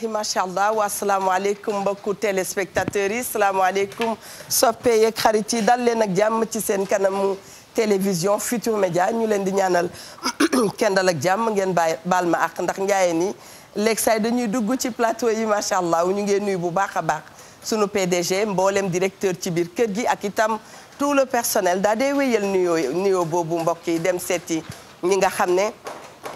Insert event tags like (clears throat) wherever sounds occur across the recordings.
billahi macha allah wa salaamualeykum mbokku téléspectateurs yi salaamualeykum soppe yeeg xarit yi dal leen ak jàmm ci seen kanamu télévision Futur Média ñu leen di ñaanal (clears throat) kenn ak jàmm ngeen bàyyi baal ma àq ndax njaayeen ni léegi say dañuy dugg ci plateau yi macha allah ñu ngeen nuyu bu baax a baax sunu PDG mboolem directeur ci biir kër gi ak itam tout le personnel daa dee wéyal nuyoo boobu mbokk yi dem seeti ñi nga xam ne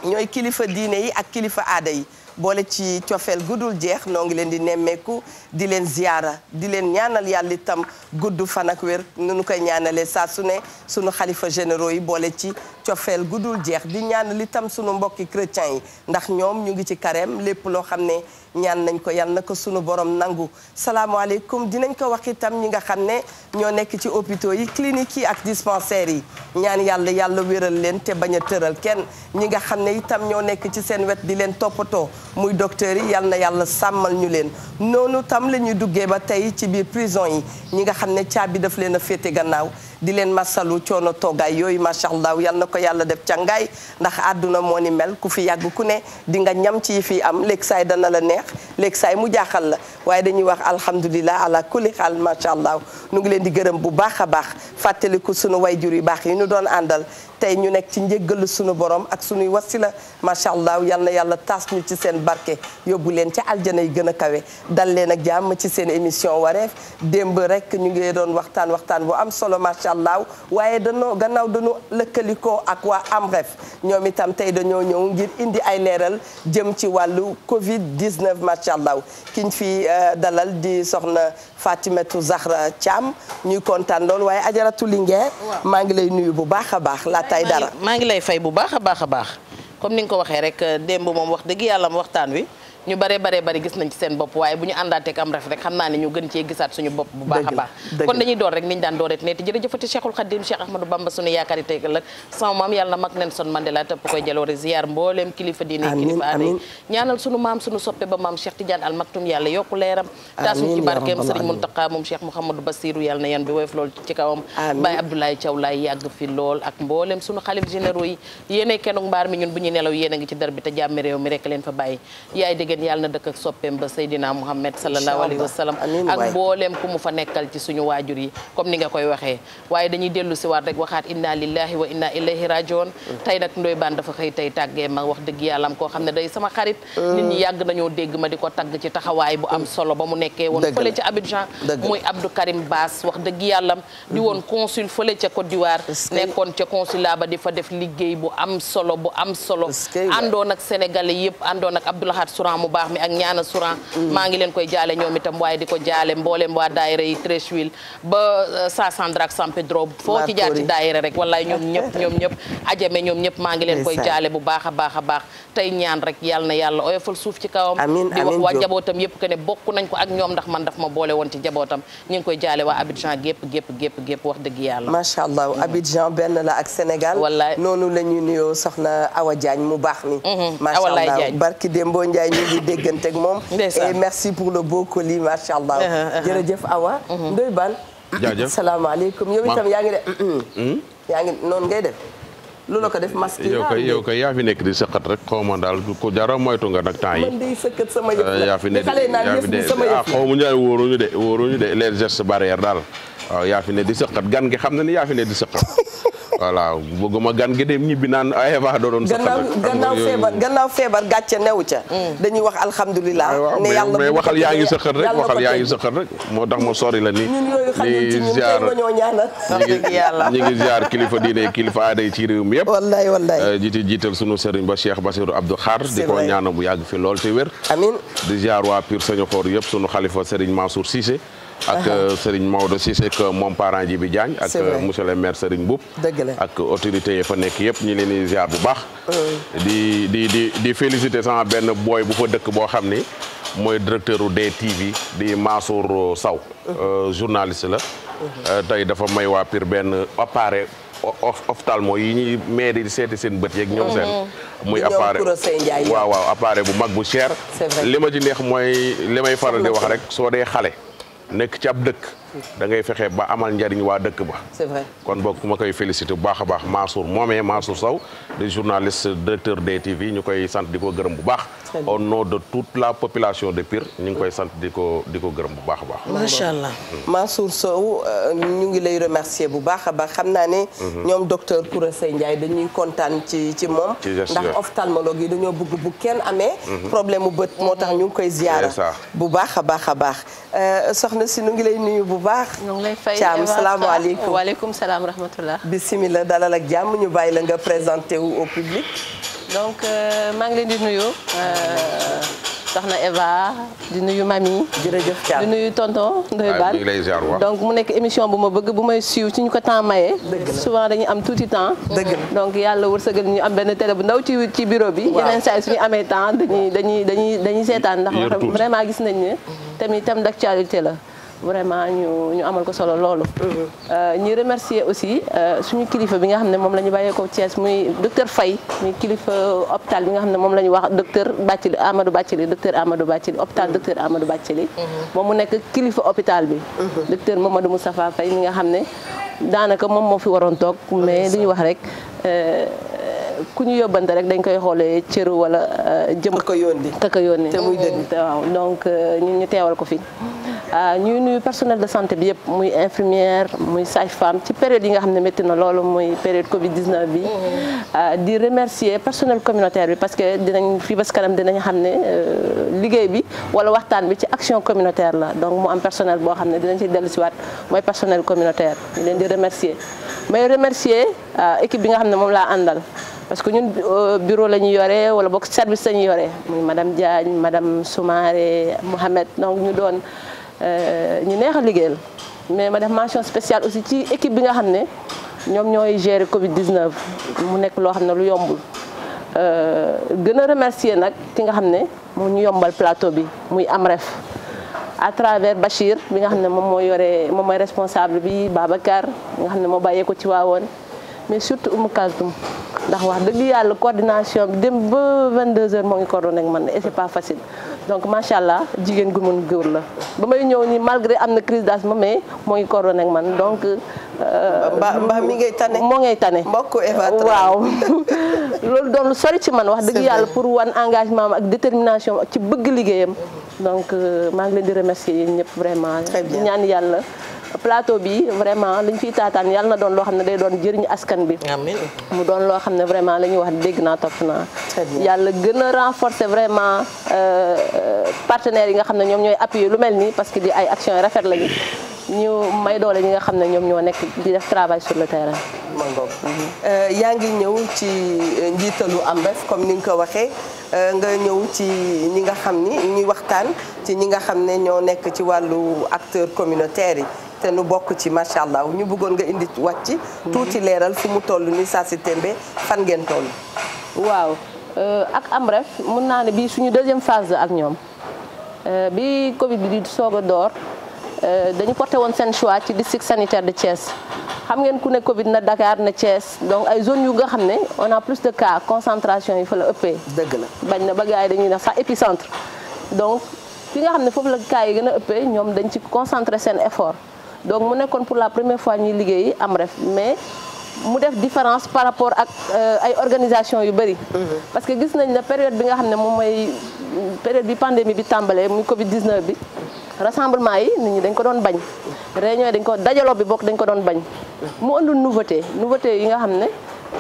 ñooy kilifa diine yi ak kilifa aada yi. boole ci cofeel guddul jeex noo ngi leen di nemmeeku di leen ziyaara di leen ñaanal yàlla itam gudd fan ak wér nu nu koy ñaanalee saa su ne sunu xalifa généraux yi boole ci cofeel gudul jeex di ñaan li tam sunu mbokki chrétiens yi ndax ñoom ñu ngi ci carême lépp loo xam ne ñaan nañ ko yal na ko sunu borom nangu salaamaaleykum dinañ ko wax itam ñi nga xam ne ñoo nekk ci hôpitaux yi cliniques yi ak dispensaires yi ñaan yàlla yàlla wéral leen te bañ a tëral kenn ñi nga xam ne itam ñoo nekk ci seen wet di leen toppatoo muy docteurs yi yal na yàlla sàmmal ñu leen noonu tam la ñuy duggee ba tey ci biir prison yi ñi nga xam ne caabi daf leen a féete gannaaw di leen masalu coono toogaay yooyu macha allah yal na ko yàlla def càngaay ndax àdduna moo ni mel ku fi yàgg ku ne di nga ñam ci yi fi am léegi saay dana la neex léegi saay mu jàqal la waaye dañuy wax alhamdulilah ala kulli xaal macha allah nu ngi leen di gërëm bu baax a baax fàttaliku sunu wayjur yu baax yi ñu doon àndal tey ñu nekk ci njëggalu sunu borom ak sunuy wasila macha allah yal na yàlla taas ñu ci seen barke yóbbu leen ci aljana yi gën a kawe dal leen ak jàmm ci seen émission wareef démb rek ñu ngi doon waxtaan waxtaan bu am solo macha allah waaye danoo gannaaw dañu lëkkalikoo ak waa AMREF ñoom itam tey dañoo ñëw ngir indi ay leeral jëm ci wàllu Covid 19 macha allah kiñ Euh, dalal di soxna Fatimetou Zahra Thiam ñuy kontaan lool waaye ajaratu Linguère maa ngi lay nuyu bu baax a baax laa tay dara maa ngi lay fay bu baax a baax a baax comme ni nga ko waxee rek euh, démb moom wax dëgg yàlla waxtaan wi ñu a baax kon dañuy door rek niñ daan dooret ne te jërëjëfati Cheikhul Khadim Cheikh ñaanal suñu maam suñu soppe ba maam Cheikh Tidiane Al Maktoum yàlla yokku leeram taasuñ ci barkeem Sëriñ Muntaqa moom Cheikh Mouhamadou Bassirou yàlla na yan bi woyof lool ci kawam Baye Abdoulaye Thiaw laay yàgg fi lool ak mbooleem suñu xalif généraux yi yéene kenn mbaar mi ñun bu ñuy nelaw yéen ngi ci dar bi te jàmmi réew mi rek leen fa bàyyi yaay dégg jigéen yàlla na dëkk ak soppeem ba Seydina Mouhamed sallallahu alayhi wa sallam ak mbooleem ku mu fa nekkal ci suñu waajur yi comme ni nga koy waxee waaye dañuy dellu si waat rek waxaat inna lillahi wa inna ilayhi rajiun tey nag Ndoye Bane dafa xëy tey tàggee ma wax dëgg yàlla am koo xam ne day sama xarit mm. nit ñi yàgg nañoo dégg ma di ko tagg ci taxawaay bu am mm. solo ba mu nekkee woon fële ca Abidjan muy Abdou Karim Bass wax dëgg yàllam di woon mm-hmm. consul fële ba di fa def liggéey bu am solo bu am solo àndoon ak mu baax mi ak ñaana Souran. maa ngi leen koy jaale ñoom itam waaye di ko jaale mboolem waa daayira yi Treichville ba euh, Sassandra ak San Pedro foo ci jaar ci daayira rek wallaay ñoom ñëpp (laughs) ñoom ñëpp ajame ñoom ñëpp maa ngi leen koy jaale bu baax a baax a baax tey ñaan rek yàlla na yàlla oyofal suuf ci kawam di wax waa jabootam yëpp que ne bokk nañ ko ak ñoom ndax man daf ma boole woon ci jabootam ñu ngi koy jaale wa Abidjan gépp gépp gépp gépp wax dëgg yàlla macha allah mm-hmm. Abidjan benn la ak Sénégal wallaay noonu la ñuy nuyoo soxna Awa Diagne mu baax di déggante moom. et merci pour le beau ma macha allah. jërëjëf Awa. Uh-huh. Ndoye Bane. jaajëf salaamaaleykum yow itam de. Hmm? yaa ngi noonu ngay def. loolu ko def masque yow kay yow kay yaa nekk di sëqat rek xaw daal ko jara moytu nga nag temps yi man day sama yëf yaa fi de ah xaw ma de wóoruñu de les gestes daal. waaw yaa ne di sëqat gan gi xam na ni yaa fi ne di sëqat (laughs) voilà bëgguma gan gi dem ñibbi naan aywa ah, doon. sëqat gannaaw feebar gannaaw feebar gàcce new ca. Mm. dañuy wax alhamdulilah. ne yàlla mais waxal yaa ngi sëqat rek yaa ngi sëqat rek moo tax ma sori la ni. li ziar ñi ngi ziar kilifa diine kilifa aaday ci réew mi yëpp. wallaay wallaay euh, ji sunu sëriñ ba Cheikh Bassirou Abdou Khar. di ko ñaanal bu yàgg fi lool te wér. amiin di ziar waa Pire Sañoxoor yëpp sunu xalifa sëriñ Mansour Cissé ak euh, Serigne Maodo Cissé ak moom parent ji bi Diagne. ak euh, monsieur le maire Serigne Mboup. dëgg ak autorité yi fa nekk yëpp ñu leen di ziar bu baax. di di di di féliciter sama benn booy bu fa dëkk boo xam ni mooy directeur u DTV di Mansour Sow. Euh, journaliste la. tey dafa may waa Pire benn appareil. ophtalmo yi ñuy maire di seeti seen bët yeeg ñoom seen mhm. muy appareil waaw bu mag bu cher li ma ci neex mooy li may faral di wax rek soo dee xale nekk ci ab dëkk da ngay fexe ba amal njariñ waa dëkk ba. c'est vrai kon boog ku ma koy félicité bu baax a baax Mansour moomee Mansour Sow de journaliste directeur ñu koy sant di ko gërëm bu baax. au nom de toute la population de Pire ñu ngi koy sant di ko di ko gërëm bu baax a baax. macha allah mm. Mansour Sow euh, ñu ngi lay remercier bu baax a baax xam naa ne. Mm-hmm. ñoom docteur Koura Sey Ndiaye dañuy kontaan ci ci moom. ndax ophtalmologue yi dañoo bëgg bu kenn amee. Mm-hmm. problème mu bët moo tax ñu ngi koy ziyaara bu baax a baax a baax euh, baax. ñoo ngi lay fay Thiam salaamaaleykum waaleykum salaam rahmatullah. bisimilah dalal ak jàmm ñu bàyyi la nga présenté wu au public. donc euh, maa ngi leen di nuyu. Euh, soxna Eva di nuyu mami. jërëjëf Thiam di nuyu tonton Ndoye donc mu nekk émission bu ma bëgg bu may siiw si ñu ko temps maye. souvent dañuy am tuuti temps. donc yàlla wërsëgal ñu am benn télé bu ndaw ci ci bureau bi. yeneen saa yi suñu amee temps dañuy dañuy dañuy dañuy seetaan ndax. vraiment gis nañ ne. tamit thème d'actualité la. vraiment ñu ñu amal ko solo loolu. Mm-hmm. Euh, ñu remercier aussi euh, suñu kilifa bi nga xam ne moom la ñu bàyyeekoo Thiès muy docteur Faye muy kilifa hôpital bi nga xam ne moom la ñu wax docteur Bathily Amadou Bathily docteur Amadou Bathily hôpital mm-hmm. docteur Amadou Bathily. Mm-hmm. moom mu nekk kilifa hôpital bi. docteur Mamadou Moustapha Faye mi nga xam ne daanaka moom moo fi waroon toog mais li ñu wax rek. ku ñu yóbbante rek dañ koy xoolee cëru wala euh, jëm ka ko yónni ka ko yónni te muy dëgg waaw donc euh, ñun ñu teewal ko fi ah, ñu nuyu personnel de santé bi yëpp muy infirmière muy sage-femme ci période yi nga xam ne métti na loolu muy période Covid 19 bi. Mm-hmm. Ah, di remercier personnel communautaire bi parce que dinañ fii bas kanam dinañ xam ne euh, liggéey bi wala waxtaan bi ci action communautaire la donc mu am personnel boo xam ne dinañ ci dellusiwaat mooy personnel communautaire ñu leen di remercier may Euh, équipe bi nga xam ne moom laa àndal parce que ñun euh, bureau la ñu yore wala boog service la ñu yore muy madame Diagne madame Soumaré Mohamed donc ñu doon euh, ñu neex a liggéeyal mais ma def mention spécial aussi ci équipe bi nga xam ne ñoom ñooy gérer Covid 19 mu nekk loo xam ne lu yombul gën a remercier nag ki nga xam ne moo ñu yombal plateau bi muy AMREF à travers Bachir bi nga xam ne moom mooy yore moom mooy responsable bi Babacar nga xam ne moo bàyyee ko ci waawoon mais surtout Oumou Kaltoum ndax wax dëgg yàlla coordination bi dem ba 22h moo ngi coordonné ak man et c'est pas facile donc macha allah jigéen gu mun góor la ba may ñëw nii malgré am na crise d'asthme mais moo ngi coordonné ak man donc. mbaa euh, mbaa mi ngay tane moo ngay tane. mbokk waaw. (laughs) loolu doon lu sori ci man wax dëgg yàlla pour wan engagement ak détermination ci bëgg liggéeyam donc euh, maa ngi leen di remercier yéen ñëpp vraiment. ñaan yàlla. plateau bi vraiment lañu fiy taataan yàlla na doon loo xam ne day doon jëriñu askan bi mu doon loo xam ne vraiment la ñuy wax dégg naa topp naa yàlla gën a renforcer vraiment euh, euh, partenaire yi nga xam ne ñoom ñooy appuyer lu mel nii parce que di ay actions rafet lañu ñu may doole ñi nga xam ne ñoom ñoo nekk di def travail sur le euh, yaa ngi ñëw ci euh, njiitalu Ambev comme ni nga ko waxee euh, nga ñëw ci ñi nga xam ni ñuy waxtaan ci ñi nga xam ne ñoo nekk ci wàllu acteur communautaire yi te nu bokk ci macha allah ñu bëggoon nga indi wàcc tuuti leeral fu mu toll ni saa si tembe fan ngeen toll. waaw ak Ambev mun naa ne bii suñu deuxième phase ak ñoom bi Covid bi di soog a door. Euh, dañu porté woon seen choix ci district sanitaire de Thiès xam ngeen ku ne Covid na Dakar na Thiès donc ay zones yu nga xam ne on plus de cas concentration yi fa la ëppee. la bañ na ba gars yi dañuy def sax épicentre donc fi nga xam ne foofu la cas yi gën a ëppee ñoom dañ ci concentré seen effort donc mu nekkoon pour la première fois ñuy liggéey am ref mais. mu def différence par rapport ak euh, ay organisation yu bëri mhm. parce que gis nañ ne période bi nga xam ne moom mooy période bi pandémie bi tàmbalee muy covid bi rassemblement yi nit ñi dañ ko doon bañ réunion yi dañ ko dajaloo bi bokk dañ ko doon bañ mu ëndul nouveauté nouveauté yi nga xam ne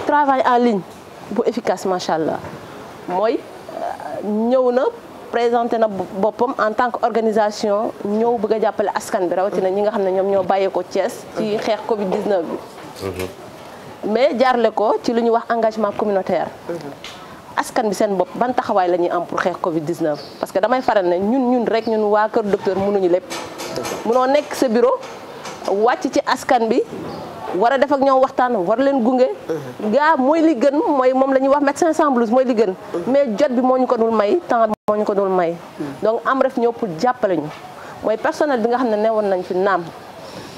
travail en ligne bu efficace macha allah mooy euh, ñëw na présenté na boppam en tant que organisation ñëw bëgg a jàppale askan bi rawatina ñi nga xam ne ñoom ñoo bàyyeekoo Thiès ci xeex Covid 19 bi mhm. mais jaarle ko ci li ñuy wax engagement communautaire mhm. askan bi seen bopp ban taxawaay la ñuy am pour xeex Covid 19 parce que damay faral ne ñun ñun rek ñun waa kër docteur mënuñu lépp. mënoo nekk sa bureau wàcc ci askan bi war a def ak ñoom waxtaan war leen gunge. gaa mooy li gën mooy moom la ñuy wax médecin sans blouse mooy li gën. mais jot bi moo ñu ko dul may temps bi moo ñu ko dul may. donc am ref ñëw pour jàppale ñu mooy personnel bi nga xam ne newoon nañ fi naam.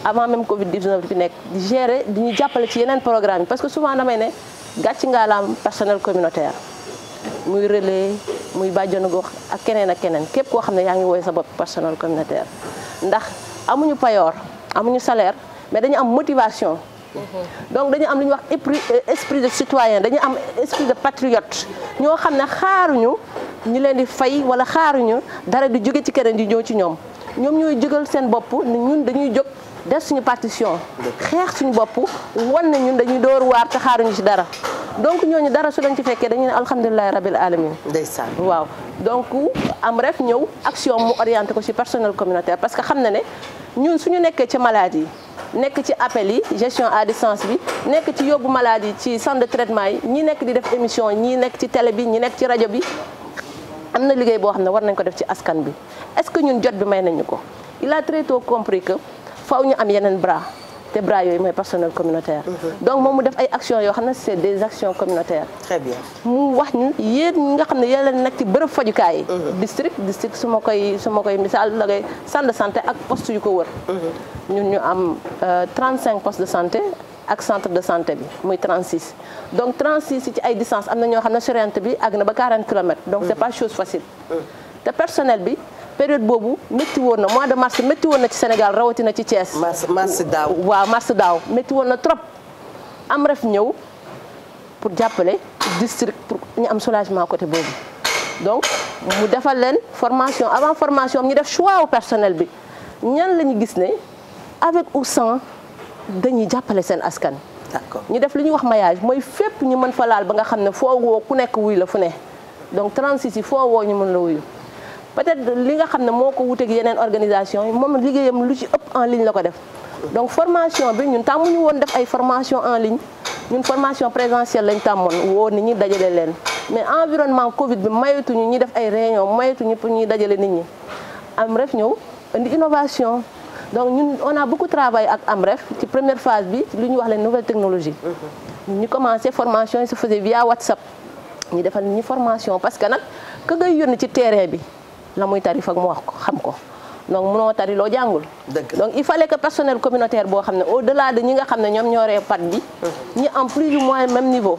avant même Covid 19 bi fi nekk di gérer di ñu jàppale ci yeneen programme parce que souvent damay ne gàcci ngaalaam personnel communautaire. muy relais muy bàjjanu gox ak keneen ak keneen képp koo xam ne yaa ngi woy sa bopp personnel communautaire ndax amuñu payoor amuñu salaire mais dañu am motivation mhm. donc dañu am lu ñuy wax euh, esprit de citoyen dañu am esprit de patriote ñoo xam ne xaaruñu ñu leen di fay wala xaaruñu dara di jóge ci keneen di ñëw ci ñoom ñoom ñooy jógal seen bopp ne ñun dañuy jóg def suñu partition xeex suñu bopp wan na ñun dañuy door waar te xaaruñu ci dara donc ñooñu dara su leen ci fekkee dañu ne alhamdulilahi rabil alamin ndeysaan waaw donc am ref ñëw action mu orienté ko ci personnel communautaire parce que xam na ne ñun suñu nekkee ci malade yi nekk ci appel yi gestion à distance bi nekk ci yóbbu malade yi ci centre de traitement yi ñi nekk di def émission ñi nekk ci télé bi ñi nekk ci rajo bi am na liggéey boo xam ne war nañ ko def ci askan bi est-ce que ñun jot bi may nañu ko il a très compris que faw ñu am yeneen bras te bras yooyu mooy personnel communautaire. Mhm. donc moom mu def ay actions yoo xam ne c'est des actions communautaires. mu wax ñu yéen ñi nga xam ne yéen la nekk ci bërëb fajukaay. Mhm. district district su ma koy su ma koy misaal la koy centre de santé ak post yu ko wër. Mhm. ñun ñu am 35 euh, postes de santé. ak centre de santé bi muy 36 donc 36 ci ay distance am na ñoo xam ne sorente bi àgg na ba 40 kilomètres donc c'est pas chose facile te personnel période boobu métti woon na mois de mars métti woon na ci Sénégal rawatina ci Thiès. mars mars daaw waaw mars daaw métti woon na trop. am ref ñëw pour jàppale district pour ñu am soulagement côté boobu donc mu defal leen formation avant formation ñu def choix au personnel bi ñan la ñu gis ne avec ou sans dañuy jàppale seen askan. d'accord ñu def lu ñuy wax maillage mooy fépp ñu mën fa laal ba nga xam ne foo woo ku nekk wuy la fu ne donc 36 yi foo woo ñu mën la wuyu. peut-être li nga xam ne moo ko wuteeg yeneen organisation yi moom liggéeyam lu ci ëpp en ligne la ko def donc formation bi ñun tàmmuñu woon def ay formation en ligne ñun formation présentielle lañ tàmmoon woo nit ñi dajale leen mais environnement Covid bi mayatuñu ñu def ay réunion mayatuñu pour ñuy dajale nit ñi AMREF ñëw indi innovation donc ñun on a beaucoup travaillé ak AMREF ci première phase bi lu ñu wax leen nouvelle technologie mhm. ñu commencé formation yi se faisait via WhatsApp ñu defal ñu formation parce que nag ka ci terrain bi la muy tarif ak mu wax ko xam ko donc munoo tari loo jàngul donc il fallait que personnel communautaire boo xam ne au delà de ñi nga xam ne ñoom ñooree pat bi mm-hmm. ñi am plus ou moins même niveau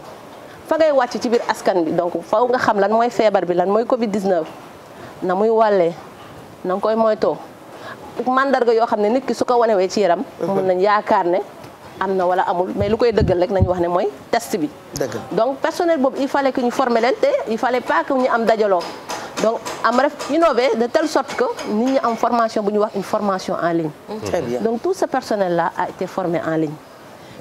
fa ngay wàcc ci biir askan bi donc faw nga xam lan mooy feebar bi lan mooy covid 19 na muy wàllee na nga koy moytoo mandarga yoo xam ne nit ki su ko wanewee ci yaram mm-hmm. mun nañ yaakaar ne am na wala amul mais lu koy dëggal rek nañu wax ne mooy test bi. donc personnel boobu il fallait que ñu former leen te il fallait lee que ñu am dajaloo. donc am ref innover de tele sorte que nit ñi am formation bu ñu wax une formation en ligne. Mm. très bien donc tout ce personnel la a été formé en ligne.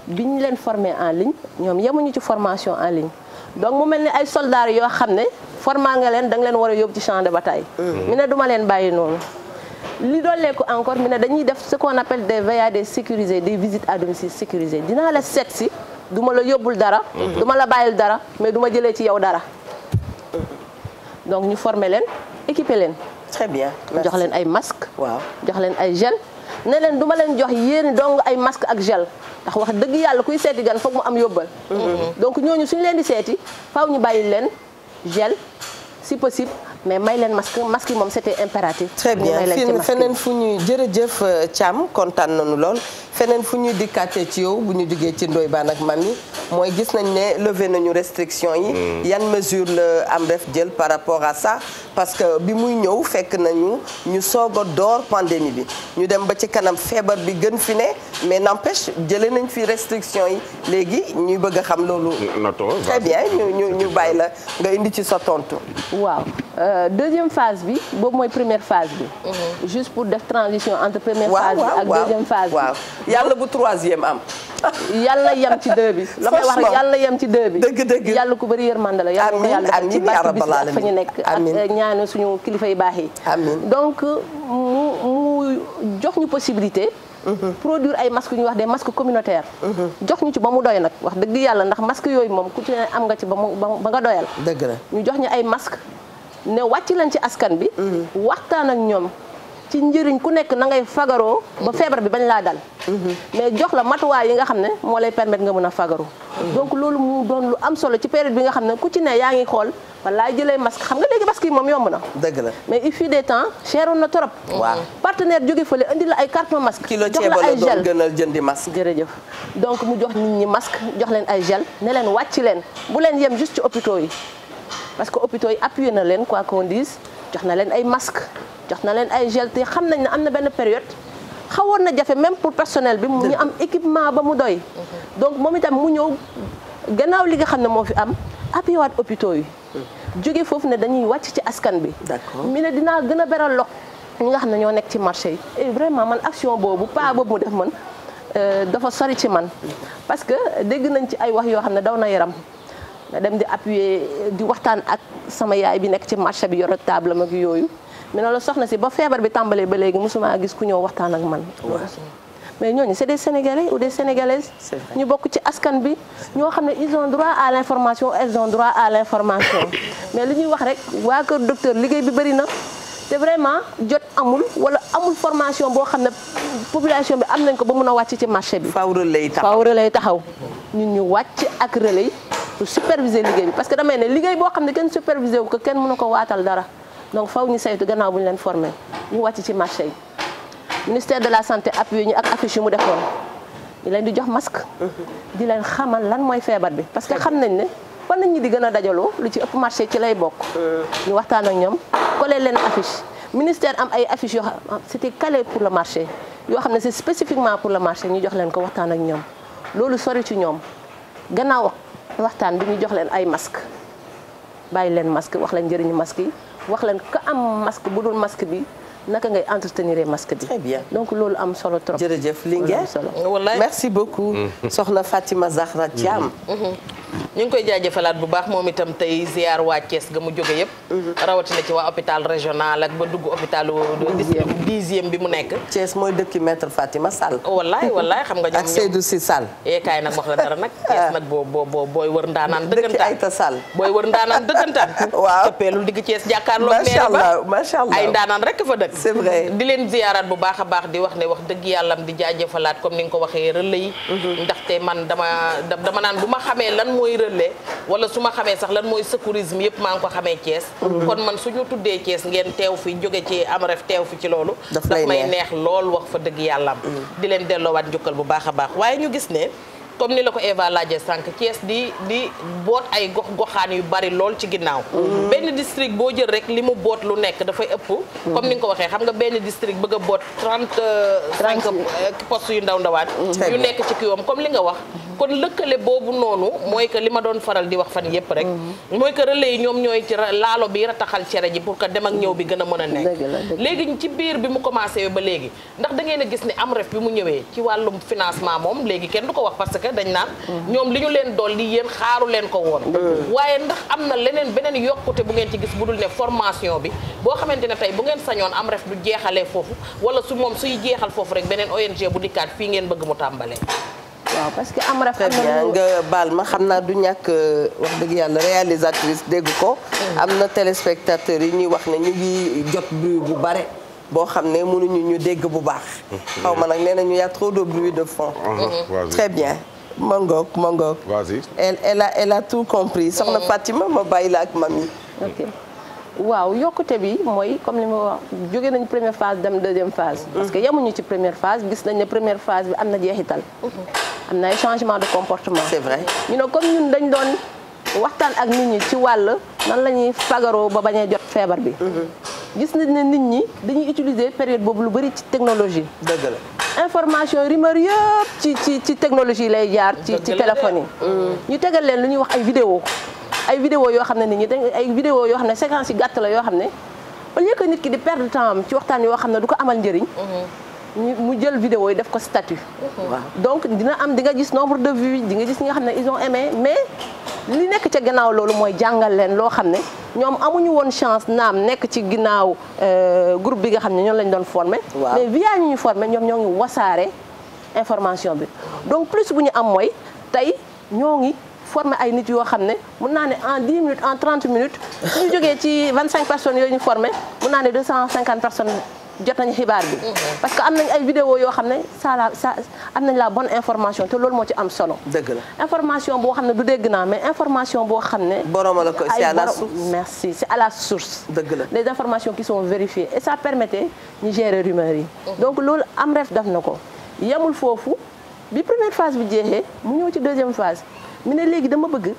bi ñu leen formé en ligne ñoom yemuñu ci formation en ligne donc mu mel ni ay soldaar yoo xam ne formaa nga leen da leen war a yóbbu ci champ de bataille. Mm. ñu ne duma leen bàyyi noonu. li dooleeku encore mi ne dañuy def ce qu'on appelle des VAD sécurisés des visites à domicile sécurisées dinaa la seet si duma la yóbbul dara mhm. du la bàyyil dara mais du ma jëlee ci yow dara mhm. donc ñu former leen équiper leen très bien jox leen ay masques waaw jox leen ay gel ne leen duma leen jox yéen dong ay masque ak gel ndax wax dëgg yàlla kuy seeti gan foog mu am yóbbal mhm. donc ñooñu suñu leen di seeti faw ñu bàyyi leen gel si possible mais may leen masque masque yi moom c'était impératif. très bien fii feneen fu ñuy jërëjëf Thiam kontaan nañu lool. feneen fu ñuy dikkaatee ci yow bu ñu jógee ci ndoy baan ak Mamy mooy gis nañ ne levé nañu restriction yi mm. yan mesure la am ref jël par rapport à ça parce que bi muy ñëw fekk nañu ñu soog a door pandémie bi ñu dem ba ci kanam feebar bi gën fi ne mais n'empêche jëlee nañ fi restriction yi léegi ñuy bëgg a xam loolu très bien ñu ñu bàyyi la nga indi ci sa tontu waaw euh, deuxième phase bi boobu mooy première phase bi mm-hmm. juste pour def transition entre première phase ak deuxième phase yàlla bu troisième am. yàlla yem ci deux bi. (laughs) la may wax rek yàlla yem ci deux bi. dëgg dëgg yàlla ku bëri yërmande la. amiin amiin yaa rabbal aalamiin yàlla fa ñu nekk ak ñaanu suñu kilifa yu baax yi. amiin donc mu jox ñu possibilité. Mhm. produire ay masques yu ñuy wax dee masques communautaires. Mhm. jox ñu ci ba mu doy nag wax dëgg yàlla ndax masques yooyu moom ku ci ne am nga ci ba mu ba nga doyal. dëgg la ñu jox ñu ay masques ne wàcc leen ci askan bi. Mhm. waxtaan ak ñoom. ci njëriñ ku nekk na ngay fagaroo ba feebar bi bañ laa dal mais jox la matuwaay yi nga xam ne moo lay permettre nga mën a fagaru donc loolu mu doon lu am solo ci période bi nga xam ne ku ci ne yaa ngi xool wallaay jëlee masque xam nga léegi masque yi moom yomb na dëgg la mais il fut des temps cheroon na trop waaw partenaire jóge fële indi la ay carton masque kilo ceeb la ay gel gënal jëndi jërëjëf donc mu jox nit ñi masque jox leen ay gel ne leen wàcc leen bu leen yem juste ci hôpitaux yi parce que hôpitaux yi appuyé na leen quoi qu'on dise jox na leen ay masque jox na leen ay gelte xam nañ ne am na benn période xawoon na jafe même pour personnel bi ñu am équipement ba mu doy mhm. donc moom itam mu ñëw gannaaw li nga xam ne moo fi am appuyewaat opito yi mhm. jóge foofu ne dañuy wàcc ci askan bi mi ne dinaa gën a beral lok ñi nga xam ne ñoo nekk ci marché yi et vraiment man action boobu pas boobu mu def man euh, dafa sori ci man mhm. parce que dégg nañ ci ay wax yoo xam ne daw na yaram nga dem di appuyer di waxtaan ak sama yaay bi nekk ci marché bi yore table mag yooyu mais noonu la soxna si ba feebar bi tàmbalee ba léegi mosuma gis ku ñëw waxtaan ak man. mais ñooñu c'est des sénégalais ou des ñu bokk ci askan bi ñoo xam ne ils ont droit à l'information elles ont droit à l'information (coughs) mais li ñuy wax rek waa kër docteur liggéey bi bëri na. te vraiment jot amul wala amul formation boo xam ne population bi am nañ ko ba mun a wàcc ci marché bi. faaw relais yi taxaw faaw relais taxaw ñun ñu wàcc ak relais ñu superviser liggéey bi parce que damay ne liggéey boo xam ne kenn superviser wu ko kenn mënu ko waatal dara donc faw ñu saytu gannaaw ñu leen formé ñu wàcc ci marché yi ministère de la santé appuyé ñu ak affiche yu mu defoon ñu leen di jox masque di leen xamal lan mooy feebar bi parce que xam nañ ne fan nañ ñi di gën a dajaloo lu ci ëpp marché ci lay bokk ñu waxtaan ak ñoom collé leen affiche ministère am ay affiche yoo xam ah, c'était calé pour le marché yoo xam ne c'est spécifiquement pour le marché ñu jox leen ko waxtaan ak ñoom loolu sori ci ñoom gannaaw waxtaan bi ñu jox leen ay masque bàyyi leen masque wax leen njëriñu masque yi wax leen ko am masque bu dul masque bi naka ngay entretenir masque bi. très bien donc loolu am solo trop. jërëjëf Linguère wallaay merci beaucoup. Mm-hmm. soxna Fatima Zahra Thiam. Mm-hmm. Mm-hmm. ñu ngi koy jaajëfalaat bu baax moom itam tey ziar waa cees ga mu jóge yëpp. rawatina ci waa hôpital régional ak ba dugg hôpital. dixième bi mu nekk. Thiès mooy dëkki maître Fatima Sall. wallaay wallaay xam nga ñoom ak Seydou Sy Sall. Eh, kaay nag wax la dara nag Thiès ah. nag boo boo booy wër ndaanaan dëggantaan dëkk Ayta Sall. booy wër ndaanaan dëggantaan. (laughs) waaw tëppeelul digg Thiès jàkkaarloo. macha allah macha allah ay ndaanaan rek fa dëkk. c'est vrai di leen ziyaaraat bu baax a baax di wax ne wax dëgg yàllam di jaajëfalaat comme ni nga ko waxee relais yi mhm. ndaxte man dama dama naan bu ma xamee lan mooy relais wala su ma xamee sax lan mooy secourisme yëpp maa ngi ko xamee Thiès mhm. kon man suñu tuddee cees ngeen teew fi jóge ci am ref teew fi ci loolu daf may neex lool wax fa dëgg yàllam mhm. di leen delloowaat njukkal bu baax a baax waaye ñu gis ne comme ni la ko Eva laajee sànq Thiès di di boot ay gox goxaan yu bari lool ci ginnaaw. Mhm. benn district boo jël rek li mu boot lu nekk dafay ëpp. Mhm. comme ni nga ko waxee xam nga benn district bëgg a boot trent euh, cinq euh, postes yu ndaw ndawaat. Mhm. yu nekk ci kiwam comme li nga wax. kon lëkkale boobu noonu mooy que li ma doon faral di wax fan yépp rek. mooy que relais yi ñoom ñooy ci laalo bi rataxal cere ji pour ko dem ak ñëw bi gën a mën a nekk. léegi ci biir bi mu commencé ba léegi ndax da ngeen gis ne am ref mu ñëwee ci wàllum financement moom léegi que dañ naan ñoom li ñu leen dolli yéen xaaru leen ko woon euh. waaye ndax am na leneen beneen yokkute bu ngeen ci gis bu dul ne formation bi boo xamante ne tey bu ngeen sañoon am ref du jeexale foofu wala su moom suy jeexal foofu rek beneen ONG bu dikkaat fii ngeen bëgg mu tàmbalee waaw parce que am raf nga baal ma xam naa du ñàkk euh, wax dëgg yàlla réalisatrice dégg ko mm. am na téléspectateurs yi ñuy wax ne ñu ngi jot bruit bu bare boo xam ne mënuñu ñu dégg bu baax mm-hmm. xaw ma nag nee nañu y a trop de bruit mm-hmm. Mm-hmm. bien mangook mangook vas-y elle elle a elle a tout compris soxna eh. Fatima ma bàyyi la ak mami waaw yokkute bi mooy comme li ma wax jóge nañu première phase dem deuxième phase mm. parce que yemuñu ci première phase gis nañ ne première phase bi am na jeexital mm-hmm. am na ay changement de comportement c'est vrai ñu ne comme ñun dañ doon waxtaan ak nit ñi ci wàll man la ñuy fagaroo ba bañ a jot feebar bi mm-hmm. gis nañ ne nit ñi dañuy utiliser période boobu lu bëri ci technologie dëgg information rumeur yëpp ci ci ci technologie lay jaar ci ci téléphone yi mm. ñu tegal leen lu ñuy wax ay vidéo ay vidéo yoo xam ne nit ñi dañ ay vidéo yoo xam ne séquence yi gàtt la yoo xam ne ba lieu que nit ki di perdre temps am ci waxtaan yoo xam ne du ko amal njariñ mm-hmm. mu jël vidéo yi def ko statut donc dina am di nga gis nombre de vues di nga gis ñi nga xam ne ils ont mais li nekk ca gannaaw loolu mooy jàngal leen loo xam ne ñoom amuñu woon chance naam nekk ci ginnaaw euh, groupe bi nga xam ne ñoom lañ doon formé mais via ñu ñu formé ñoom ñoo ngi wasaare information bi donc plus bu ñu am mooy tey ñoo ngi formé ay nit yoo xam ne mun naa ne en 10 minutes en 30 minutes su ñu jógee ci 25 personnes yooyu ñu formé mun naa ne 250 personnes jot nañ xibaar bi mhm. parce que am nañ ay vidéo yoo xam ne ça la ça am nañ la bon information te loolu moo ci am solo dëgg la information boo xam ne du dégg naa mais information boo xam ne borooma la ko c'est à la source à la source dëgg la les informations qui sont vérifiées et ça permettait ñu gérer rumeurs yi mhm. donc loolu am ref def na ko yemul foofu bi première phase bi jeexee mu ñëw ci deuxième phase mu ne léegi dama bëgg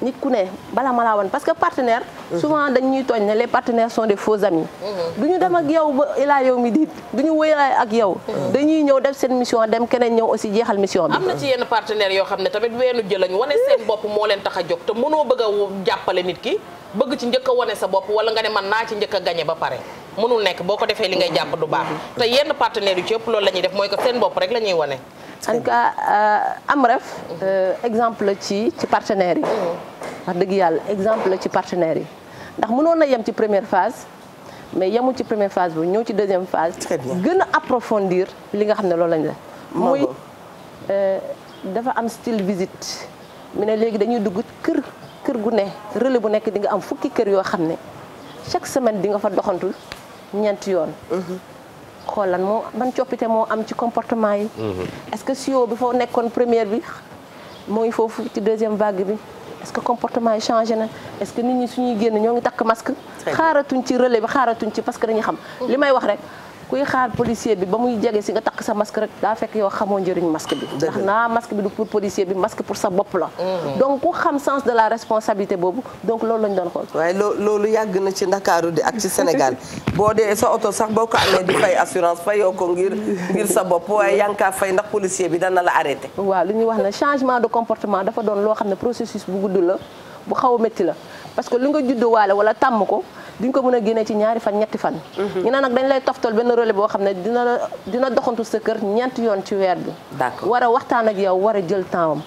nit ku ne bala ma laa wan parce que partenaire mhm. souvent dañ ñuy tooñ ne les partenaires sont des faux amis mhm. du ñu dem ak yow ba ilaa yow mi diit du ñu wéyaay ak yow mhm. dañuy ñëw def seen mission dem keneen ñëw aussi jeexal mission bi am na ci yenn partenaires yoo xam ne tamit weenu jëlañ wane seen bopp moo leen tax a jóg te mënoo bëgg a jàppale nit ki bëgg ci njëkk a wane sa bopp wala nga ne man naa ci njëkk a gañe ba pare mënul nekk boo ko defee li ngay jàpp du baax yenn partenaires yu ci ñuy def mooy que seen bopp rek la ñuy wane en tout cas euh, am ref euh, exemple la ci ci partenaires yi. wax dëgg yàlla exemple la ci partenaires yi ndax mënoon na yem ci première phase mais yemul ci première phase bu ñëw ci deuxième phase. gën a approfondir li nga xam ne loolu lañ la. muy euh, dafa am style visite. mu ne léegi dañuy dugg kër kër gu ne relais bu nekk di nga am fukki kër yoo xam ne chaque semaine di nga fa doxantul ñeenti yoon. Mhm. xool lan moo man coppite moo am ci comportement yi. Mm-hmm. est-ce que sio bi foo nekkoon première bi moo ngi foofu ci deuxième vague bi. est-ce comportement yi changé na est que nit ñi suñuy génn ñoo ngi takk masque. xaaratuñ ci relais bi xaaratuñ ci parce que dañuy xam. Mm-hmm. li may wax rek. kuy xaar policier bi ba muy jege si nga takk sa masque rek daa fekk yow xamoo njëriñ masque bi ndax naa masque bi du pour policier bi masque pour sa bopp la mm-hmm. donc ku xam sens de la responsabilité boobu donc loolu lañ doon xool waaye loolu yàgg na ci Ndakaaru di ak ci Sénégal (laughs) boo dee sa oto sax boo ko amee di fay assurance fayoo ko ngir ngir sa bopp waaye yaa ngi kaa fay ndax policier bi dana la arrêté waaw lu ñuy wax ne changement de comportement dafa doon loo xam ne processus bu gudd la bu xaw a métti la parce que lu nga judduwaale wala tàmm ko duñ ko mën a génne ci ñaari fan ñetti fan mhm. ñu ne nag dañ lay toftal benn relais boo xam ne dina dina doxantu sa kër ñeenti yoon ci weer bi war a waxtaan ak yow war a jël temps am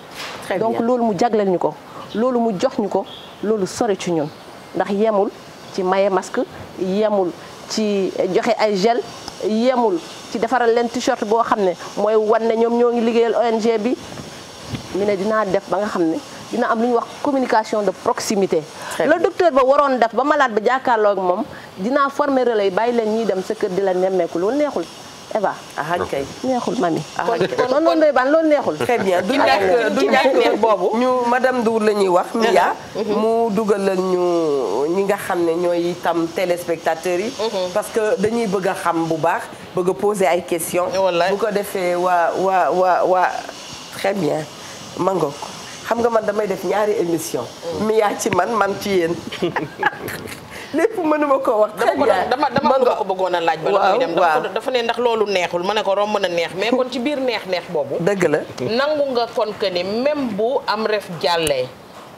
donc loolu mu jagleel ñu ko loolu mu jox ñu ko loolu sore ci ñun ndax yemul ci maye masque yemul ci joxe ay gel yemul ci defaral leen t-shirt boo xam ne mooy wan ne ñoom ñoo ngi liggéeyal ONG bi ñu ne dinaa def ba nga xam ne dina am lu ñuy wax communication de proximité la docteur ba waroon def ba malaat ba jàkkaarloo ak moom dinaa former relais bàyyi leen ñuy dem sa kër di la nemmeeku loolu neexul Eva ahan kay neexul mami kon noonu doy baan loolu neexul très bien du ñàkk boobu ñu madame Dour la ñuy wax Mia mu dugalal ñu ñi nga xam ne ñooy itam téléspectateurs yi mhm. parce que dañuy bëgg a xam bu baax bëgg a poser ay questions bu ko defee waa waa waa waa très bien xam nga man damay def ñaari émission mm. mi yaa ci man man ci yéen (laughs) lépp mënuma koo wax. très dama dama dama ko bëggoon a laaj. ba la muy dafa ne ndax loolu neexul ma ne ko romb na neex mais kon ci biir neex neex boobu. dëgg la nangu nga kon que ni même bu am ref jàllee.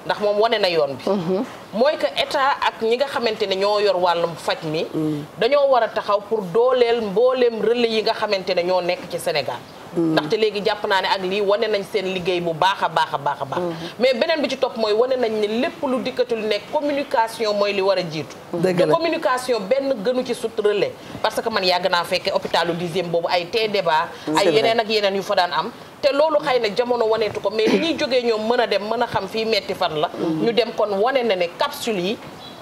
ndax moom wane na yoon bi mhm. mooy que état ak ñi nga xamante ne ñoo yor wàllum faj mi mm. dañoo war a taxaw pour dooleel mbooleem relais yi nga xamante ne ñoo nekk ci Sénégal mm. ndaxte léegi jàpp naa ne ak lii wane nañ seen liggéey bu baax a baax a baax a baax mm. mais beneen bi ci topp mooy wane nañ ne lépp lu dikkatul nekk communication mooy li war a jiitu te communication benn gënu ci sut relais parce que man yàgg naa fekke hôpitalu dixième boobu ay tee débat ay yeneen ak yeneen yu fa daan am te loolu xëy na jamono waneetu ko mais li ñuy jógee ñoom mën a dem mën a xam fii metti fan la mhm. ñu dem kon wane na ne capsule yi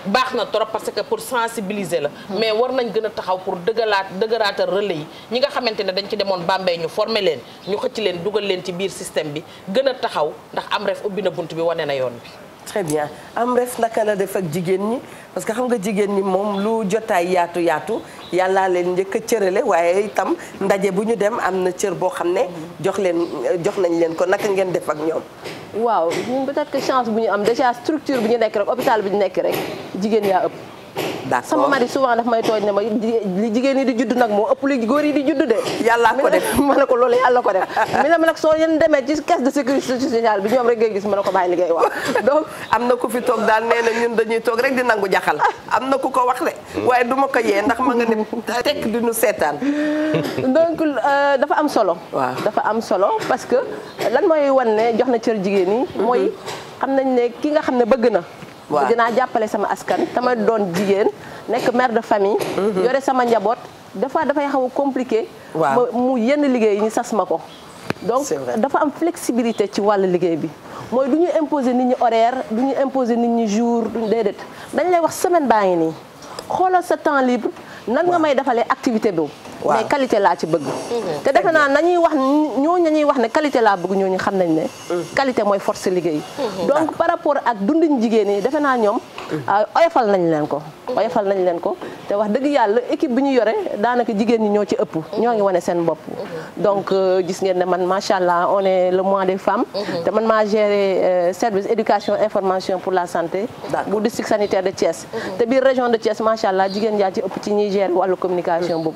baax na trop parce que pour sensibiliser la mhm. mais war nañ gën a taxaw pour dëgëlaat dëgëraatal relais yi ñi nga xamante ne dañ ci demoon Bambey ñu former leen ñu xëcc leen dugal leen ci biir système bi gën a taxaw ndax am ref ubbi na bunt bi wane na yoon bi très bien am ref naka la def ak jigéen ñi parce que xam nga jigéen ñi moom lu jotaay yaatu yaatu yàllaa leen njëkk a cërale waaye itam ndaje bu ñu dem am na cër boo xam ne jox leen jox nañ leen ko naka ngeen def ak ñoom. waaw ñun peut que chance bu ñu am déjà structure bu ñu nekk rek hôpital bi ñu nekk rek jigéen yaa ëpp. d'accord sama mari souvent daf may tooj ne ma jigéen yi di judd nag moo ëpp li góor yi di judd de. yàlla ko def (laughs) ma ne ko loolu yàlla ko def. mi ne ma soo yéen demee ci caisse de sécurité sociale bi ñoom rek ngay gis ma ne ko bàyyi liggéey wax (laughs) donc am na ku fi toog daal nee ñun dañuy toog rek di nangu jaxal am na ku ko wax de. waaye du ma ko yee ndax ma nga ne tekk di nu seetaan. (laughs) donc euh, dafa am solo. waaw dafa am solo parce que lan mooy wan ne jox na cër jigéen yi. Mhm. mooy xam nañ ne ki nga xam ne bëgg na. waaw dinaa jàppale sama askan dama doon jigéen nekk mère de famille mhm. yore sama njaboot des fois dafay xaw a compliqué waaw mu yenn liggéey yi ñu sas ma ko donc dafa am flexibilité ci wàllu liggéey bi mooy du ñuy imposer nit ñi horaire du ñu imposer nit ñi jour duñ déedéet dañ lay wax semaine baa ngi nii xoolal sa temps libre nan nga may defalee activité boobu mais qualité laa ci bëgg mhm. te defe naa nañuy wax ñoo ñuy wax ne qualité laa bëgg ñooñu xam nañ ne mhm. qualité mooy force liggéey mhm. donc par rapport ak dunduñ jigéen yi defe naa ñoom ah, oyofal nañ leen ko oyofal nañu leen ko te wax dëgg yàlla équipe bi ñu yore daanaka jigéen ñi ñoo ci ëpp ñoo ngi wane seen bopp donc euh, gis ngeen ne man macha allah on est le mois de femmes te man maa géré euh, service éducation information pour la santé bu district sanitaire de Thiès te biir de Thiès macha allah jigéen yaa ci ëpp ci ñuy gérer wàllu communication boobu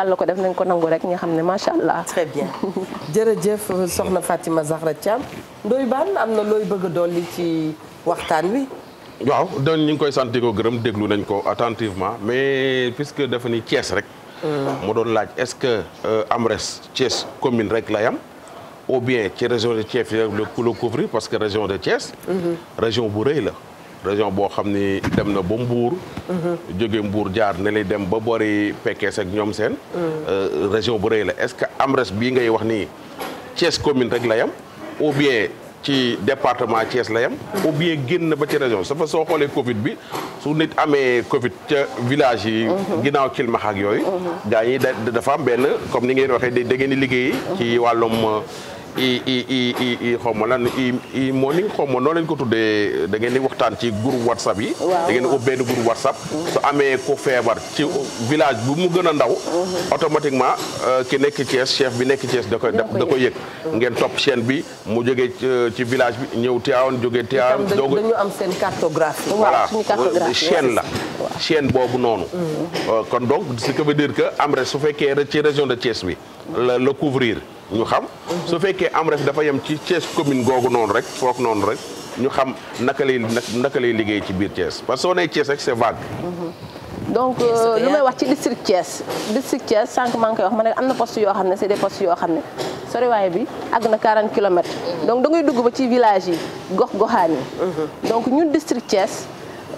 yàlla ko def nañ ko nangu rek nga xam ne macha allah. très bien (laughs) jërëjëf soxna Fatima Zahra Thiam Ndoye Bane am na looy bëgg a dolli ci waxtaan wi. waaw dañ ñu ngi koy sant ko gërëm déglu nañ ko attentivement mais puisque dafa ni Thiès rek. mu hmm. doon laaj est-ce que euh, AMRES Thiès commune rek la yam ou bien ci région de Thiès la couvrir parce que région de Thiès. Hmm. région bu rëy la. région boo xam ni dem na ba mbuur mhm. jóge mbuur jaar ne lay dem ba boori Pekes ak ñoom seen. Mhm. Euh, région bu rëy la est-ce que am AMRES bii ngay wax nii Thiès commune rek la yam ou bien ci département Thiès la yam ou bien génn ba ci région safa soo xoolee Covid bi su nit amee Covid ca village yi. Mhm. ginnaaw Kilmax ak yooyu. gaa yi dafa am benn comme ni ngeen waxee da ngeen di liggéey. ci wàllum. i i i i xaw ma lan i xaw ma noo leen ko tuddee da ngeen di waxtaan ci groupe whatsapp yi da ngeen di ubbi benn groupe whatsapp su amee ku feebar ci village bu mu gën a ndaw mhm. automatiquement euh, ki nekk Thiès chef bi nekk Thiès da koy da koy yëg ngeen top chaîne bi mu jógee euh, ci village bi ñëw Tivaouane jógee Tivaouane doog dañu am seen cartographie voilà euh, chaîne la chaîne boobu noonu mhm. kon donc ce qui veut dire que am rek su fekkee ci région de Thiès bi la la couvrir ñu xam. su fekkee am ref dafa yem ci Thiès commune googu noonu rek foofu noonu rek ñu xam naka lay naka ci biir Thiès parce que soo nee Thiès rek c'est vague. Mm-hmm. donc euh, lu may wax ci district Thiès. district Thiès koy wax ma ne am na poste yoo xam ne c'est des postes yoo xam ne soriwaay bi àgg na 40 kilomètres. donc da ngay dugg ba ci village yi gox goxaan yi. Mm-hmm. donc ñun district Thiès.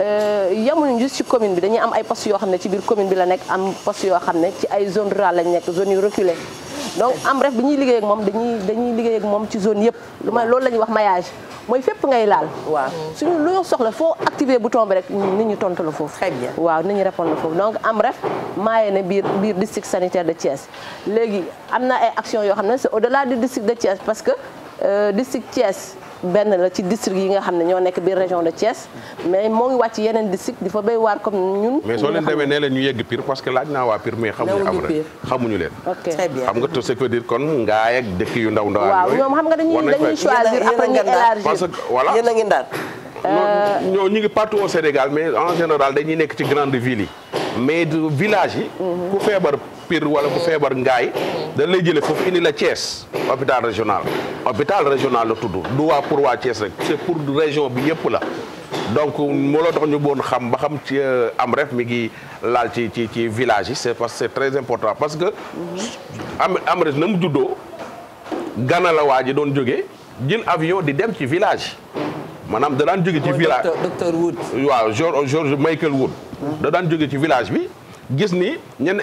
Euh, yamuñu juste ci commune bi dañuy am ay postes yoo xam ne ci biir commune bi la nekk am postes yoo xam ne ci ay zone rurale lañ nekk zone yu reculées donc am ref bi ñuy ak moom dañuy dañuy liggéey ak moom ci zone yëpp lu ma loolu la ñuy wax maillage mooy fépp ngay laal waaw suñu loo soxla foo activé bouton bi rek nit ñi tontu foofu très bien waaw nit ñi répondre la foofu donc am ref maayee na biir biir district sanitaire de Thiès léegi am na ay actions yoo xam ne c'est au delà du district de Thiès parce que euh, district Thiès benn la ci district yi nga xam ne ñoo nekk biir région de Thiès mais moo ngi wàcc yeneen district di fa béy waar comme ñun mais soo leen demee nee ñu yegg Pire parce que laaj naa waa Pire mais xamuñu leen xam nga tout ce que dire kon ngaay ak dëkk yu ndaw ndaw waaw ñoom xam nga dañuy dañuy choisir après ñu élargir parce que voilà yéen a ngi ndar ñoo euh, ñu ngi partout au Sénégal mais en général dañuy nekk ci grande ville yi mais village yi ku feebar pire wala ku feebar ngaay dañ lay jëlee foofu indi la cees hôpital régional hôpital régional la tudd du waa pour waa Thiès rek c'est pour région bi yëpp la donc moo loo tax ñu boon xam ba xam ci euh, am ref mi ngi laal ci ci ci village yi c'est parce que très important parce que mhm. am am ref na mu juddoo gana la waa ji doon jógee jël avion di dem ci village maanaam da daan jóge ci village docteur George Michael Wood mhm. da daan jóge ci village bi gis ni ñen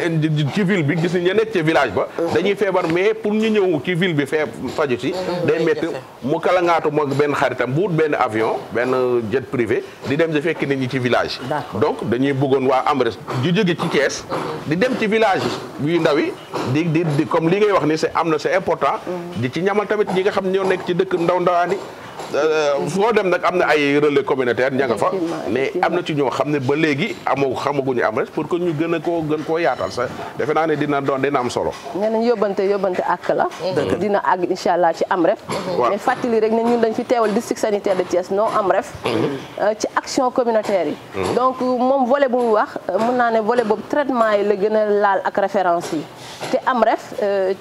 ci ville bi gis ni ña village ba uh-huh. dañuy feebar mais pour ñu ñëw ci ville bi fee faju si uh-huh. day métti mu kalangaatu moog benn xaritam bu benn avion benn jet privé di dem di fekk nit ñi ci village donc dañuy bëggoon waa Amres ju jóge ci Thiès di dem ci village yu ndaw yi di di di comme li ngay wax ni c'est am na c'est important mm. di ci ñamal tamit ñi nga xam ñoo nekk ci dëkk ndaw ndawaan yi Euh, foo dem nag am na ay relais communautaire ña nga fa mais am na ci ñoo xam ne ba léegi amoo xamaguñu am rek pour que ñu gën a gën koo yaatal sax defe naa ne dina doon dina am solo nee nañ yóbbante yóbbante ak la dina àgg incha allah ci am ref mais fàttali rek ne ñun dañ fi teewal district sanitaire de Thiès non am ref mhm. euh, ci action communautaire yi mhm. donc moom volet bu mu wax euh, mun naa ne volet boobu traitement yi la gën a laal ak référence yi te am ref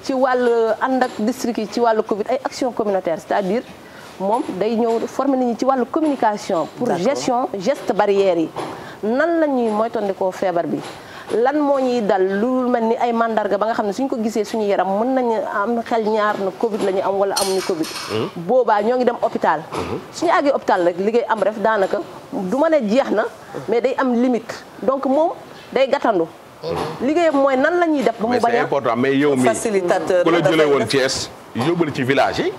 ci wàll ànd ak district yi ci wàllu covid ay action communautaire c'est-à-dire moom day ñëw former nit ñu ci wàllu communication. pour gestion geste barrière yi. nan la ñuy moytandikoo feebar bi lan moo ñuy dal lu mel ni ay mandarga ba nga xam ne suñ ko gisee suñu yaram mën nañu am xel ñaar na Covid la ñu am wala amuñu Covid. Hmm. boobaa ñoo ngi dem hôpital. Hmm. suñu àggee hôpital rek liggéey am ref daanaka du ma ne jeex na. mais day am limite donc moom day gàttandu. Hmm. liggéeyam mooy nan la ñuy def. ba mu bañ a mais c'est facilitateur la jëlee woon Thiès village yi.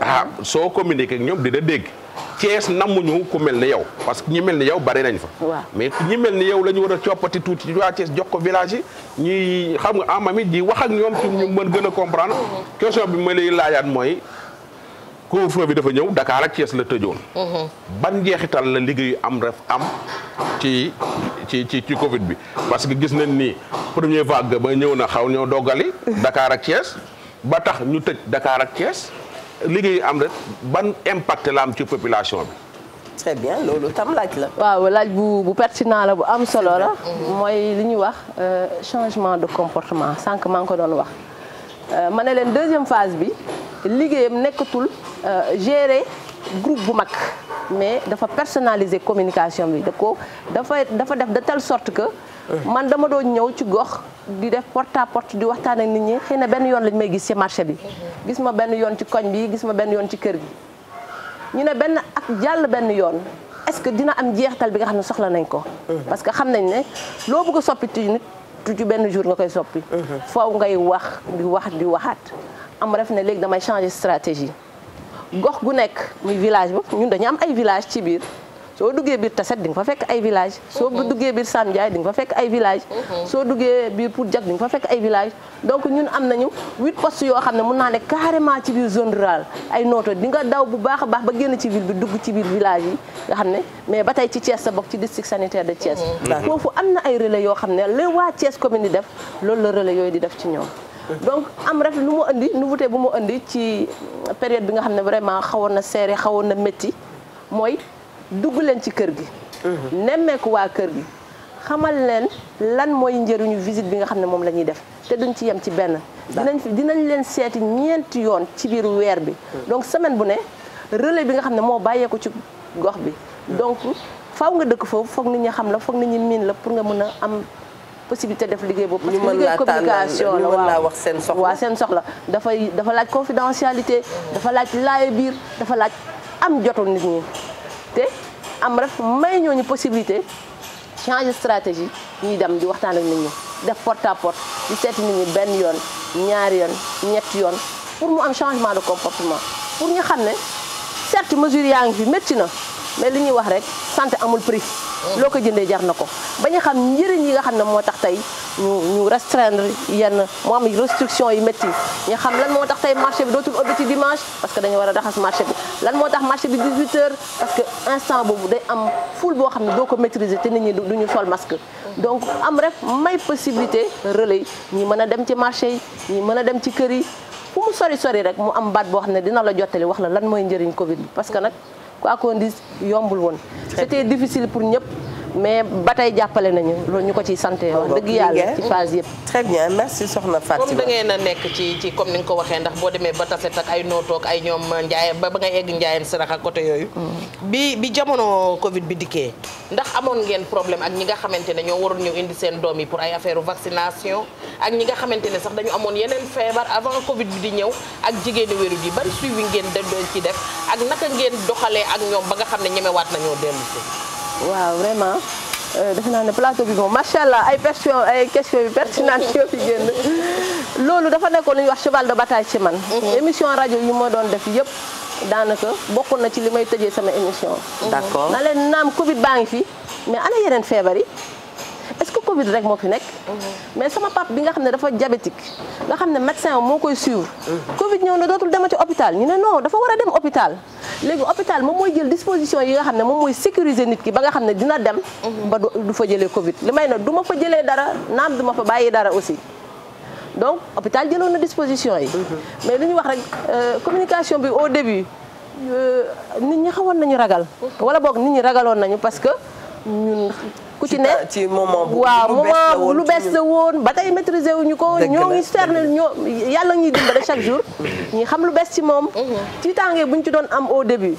ah soo communiqué ak ñoom dina dégg Cees namuñu ku mel ni yow parce que ñi mel ni yow bari nañ fa. mais ñi mel ni yow la ñu war a coppati tuuti ci jox ko village yi ñuy xam nga amam ah, it di wax ak ñoom ci ñu mën gën a comprendre. question bi ma lay laajaat mooy couvre bi dafa ñëw Dakar ak la tëjoon. Mhm. ban njeexital la liggéeyu am ref am ci ci ci ci Covid bi parce que gis nañ ni première vague ba ñëw na xaw ñoo doggali. Dakar ak Cees ba tax ñu tëj dakaar ak Cees. liggéey am rek ban impact la am ci population bi. très bien loolu tam laaj la. waaw laaj bu bu la bu am solo la. Mhm. mooy li ñuy wax euh, changement de comportement sànq maa ngi ko doon wax. Euh, ma ne leen deuxième phase bi liggéeyam nekkatul euh, gérer groupe bu mag mais dafa personnaliser communication bi da ko dafa def de telle sorte que. man dama doon ñëw ci gox di def porte à di waxtaan ak nit ñi xëy na benn yoon lañ may gis ci marché bi. gis ma benn yoon ci koñ bi gis ma benn yoon ci kër gi. ñu ne benn ak jàll benn yoon est-ce que dina am jeextal bi nga xam ne soxla nañ ko. parce que xam nañ ne loo bëgg a soppi ci benn jour nga koy soppi. foofu ngay wax di wax di waxaat. am ref ne léegi damay changé stratégie gox gu nekk muy village ba ñun dañu am ay village ci biir. soo duggee biir Tasset di nga fa fekk ay village soo mhm. duggee biir Sam Ndiaye di nga fa fekk ay village mhm. soo duggee biir Pout Diack di fa fekk ay village donc ñun am nañu huit postes yoo xam ne mun naa ne carrément ci biir zone rurale ay nooto di nga daw bu baax a baax ba génn ci bi dugg ci biir village yi nga xam ne mais ba tey ci Thiès sa bokk ci district sanitaire de Thiès mhm. foofu am na ay relais yoo xam ne la waa Thiès commune di def loolu la relais yooyu di def ci ñoom donc am rek lu mu indi nouveauté bu mu indi ci période bi nga xam ne vraiment xawoon na serré xawoon na métti mooy dugg leen ci kër gi. Mhm. nemmeeku waa kër gi xamal leen lan mooy njëriñu visite bi nga xam ne moom la ñuy def te duñ ci yem ci benn. dinañ fi dinañ leen seeti ñeenti yoon ci biir weer bi. Mhm. donc semaine bu ne relais bi nga xam ne moo bàyyeeku ci gox bi. Mhm. donc faaw nga dëkk foofu foog nit ñi xam la foog nit ñi miin la pour nga mën a am. possibilité def liggéey boobu parce que liggéey communication la waaw wax seen soxla waaw seen soxla dafay dafa laaj confidentialité dafa laaj laaye biir dafa laaj am jotul nit ñi te am ref may ñooñu possibilité changer stratégie ñuy dem di waxtaan ak nit def porte à porte di seeti nit benn yoon ñaari yoon ñetti yoon pour mu am changement de comportement pour ñu xam ne certes mesures yaa ngi fi métti na mais li ñuy wax rek santé amul prix. loo ko jëndee jar na ko bañ a xam njëriñ yi nga xam ne moo tax tey ñu ñu restreindre yenn moo am restriction yu métti ñu xam lan moo tax tey marché bi dootul ubbi ci dimanche parce que dañu war a raxas marché bi lan moo tax marché bi 18 heures parce instant boobu day am foule boo xam ne doo ko maîtriser te nit ñi du ñu sol masque. donc am rek may possibilité relais ñi mën a dem ci marché yi ñi mën a dem ci kër yi fu mu sori sori rek mu am baat boo xam ne dina la jottali wax la lan mooy njëriñ Covid bi parce que nag. ku Akondis yombul woon. c'était difficile pour ñëpp. mais ba tey jàppale nañu loolu ñu ko ciy sant wax dëgg yàlla ci phase yëpp. très bien merci soxna Fatima. ngeen a nekk ci ci comme ni nga ko waxee ndax boo demee ba taset ak ay nootoog ay ñoom njaay ba ba ngay egg njaayeen sarax ak côté yooyu. Mm. bi bi jamono Covid bi dikkee ndax amoon ngeen problème ak ñi nga xamante ne ñoo waroon ñëw indi seen doom yi pour ay affaire vaccination ak ñi nga xamante ne sax dañu amoon yeneen feebar avant Covid bi di ñëw ak jigéenu wéru bi ban suivi ngeen da doon ci def ak naka ngeen doxalee ak ñoom ba nga xam ne ñemewaat nañoo dellu si waaw vraiment euh, def naa ne plateau bi moom macha allah ay question ay question yu pertinentes yoo fi génn loolu dafa nekkoon lu ñuy wax cheval de bataille ci man. Mhm. émission rajo yi ma doon def yëpp daanaka bokk na ci li may tëjee sama émission. d'accord na leen naam Covid baa ngi fi mais ana yeneen feebar yi. est-ce que Covid rek moo fi nekk. Mm-hmm. mais sama pap bi nga xam ne dafa diabétique nga xam ne médecin moo koy suivre. Mm-hmm. Covid ñëw na dootul dema ci hôpital ñu ne non dafa war a dem hôpital. léegi hôpital moom mooy jël disposition yi nga xam ne moom mooy sécuriser nit ki ba nga xam ne dina dem. Mm-hmm. ba du fa jëlee Covid li may na du ma fa jëlee dara naam du ma fa bàyyi dara aussi. donc hôpital jëloon na disposition yi. mais lu ñu wax rek euh, communication bi au début. Euh, nit ñi xawoon nañu ragal. wala boog nit ñi ragaloon nañu parce que ku ci ne ci moment bu waaw moment lu bees la woon ba tey maîtriser wuñu ko ñoo ngi cerner ñoo yàlla ñuy dimbale chaque jour mm-hmm. ñi xam lu bees ci moom ci tàngee ñu ci doon am au début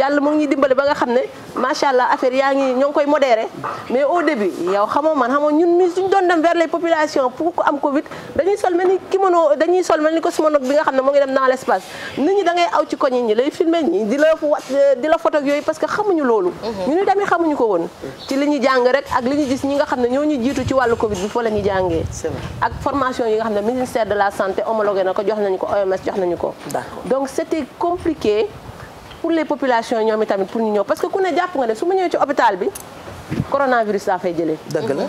yàlla moo ngi ñuy dimbale ba nga xam ne macha allah affaire yaa ngi ñoo ngi koy modéré mais au début yow xamoo man xamoo ñun mi suñ doon dem vers les populations pour ku am Covid dañuy sol mel ni kimono dañuy sol mel ni cosmonaute bi nga xam ne moo ngi dem dans l'espace nit ñi da ngay aw ci koñ ñi lay la di yooyu parce que xamuñu loolu mm-hmm. jàng rek ak li ñu gis ñi nga xam ne ñoo ñu jiitu ci wàllu Covid bi foo la ñu jàngee. ak formation yi nga xam ne ministère de la santé homologué na ko jox nañu ko OMS jox nañu ko. donc c'était compliqué pour les populations ñoom itamit pour ñu ñëw parce que ku ne jàpp nga ne su ma ñëwee ci hôpital bi. coronavirus laa fay jëlee.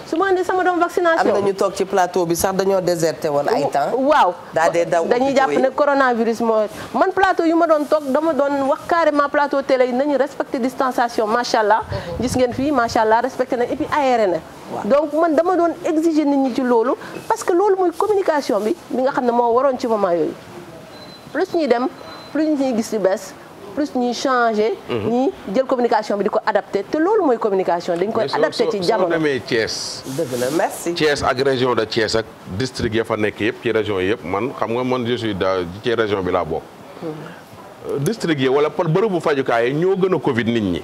su ma andi sama doom vaccination. am na ñu toog ci plateau bi sax dañoo déserté woon ay temps. waaw daal dee daw dañuy jàpp ne coronavirus moo man plateau yu ma doon toog dama doon wax carrément plateau télé yi nañu respecté distanciation macha allah. Mhm. gis ngeen fii macha allah respecté na et puis aéré na. donc man dama doon exige nit ñi ci loolu. parce que loolu mooy communication bi bi nga xam ne moo waroon ci moment yooyu. plus ñuy dem plus ñuy gis lu bees. plus ñuy changer. Mhm. ñi jël communication bi di ko adapté te loolu mooy communication dañ koy adapté ci jamono mais soo soo demee Thiès. ak région de Thiès ak district ya fa nekk yëpp ci région yëpp man xam nga man je suis dans ci région bi laa bokk. Mhm. Euh, district yi wala par bërëbu fajukaay yi ñoo gën a Covid nit ñi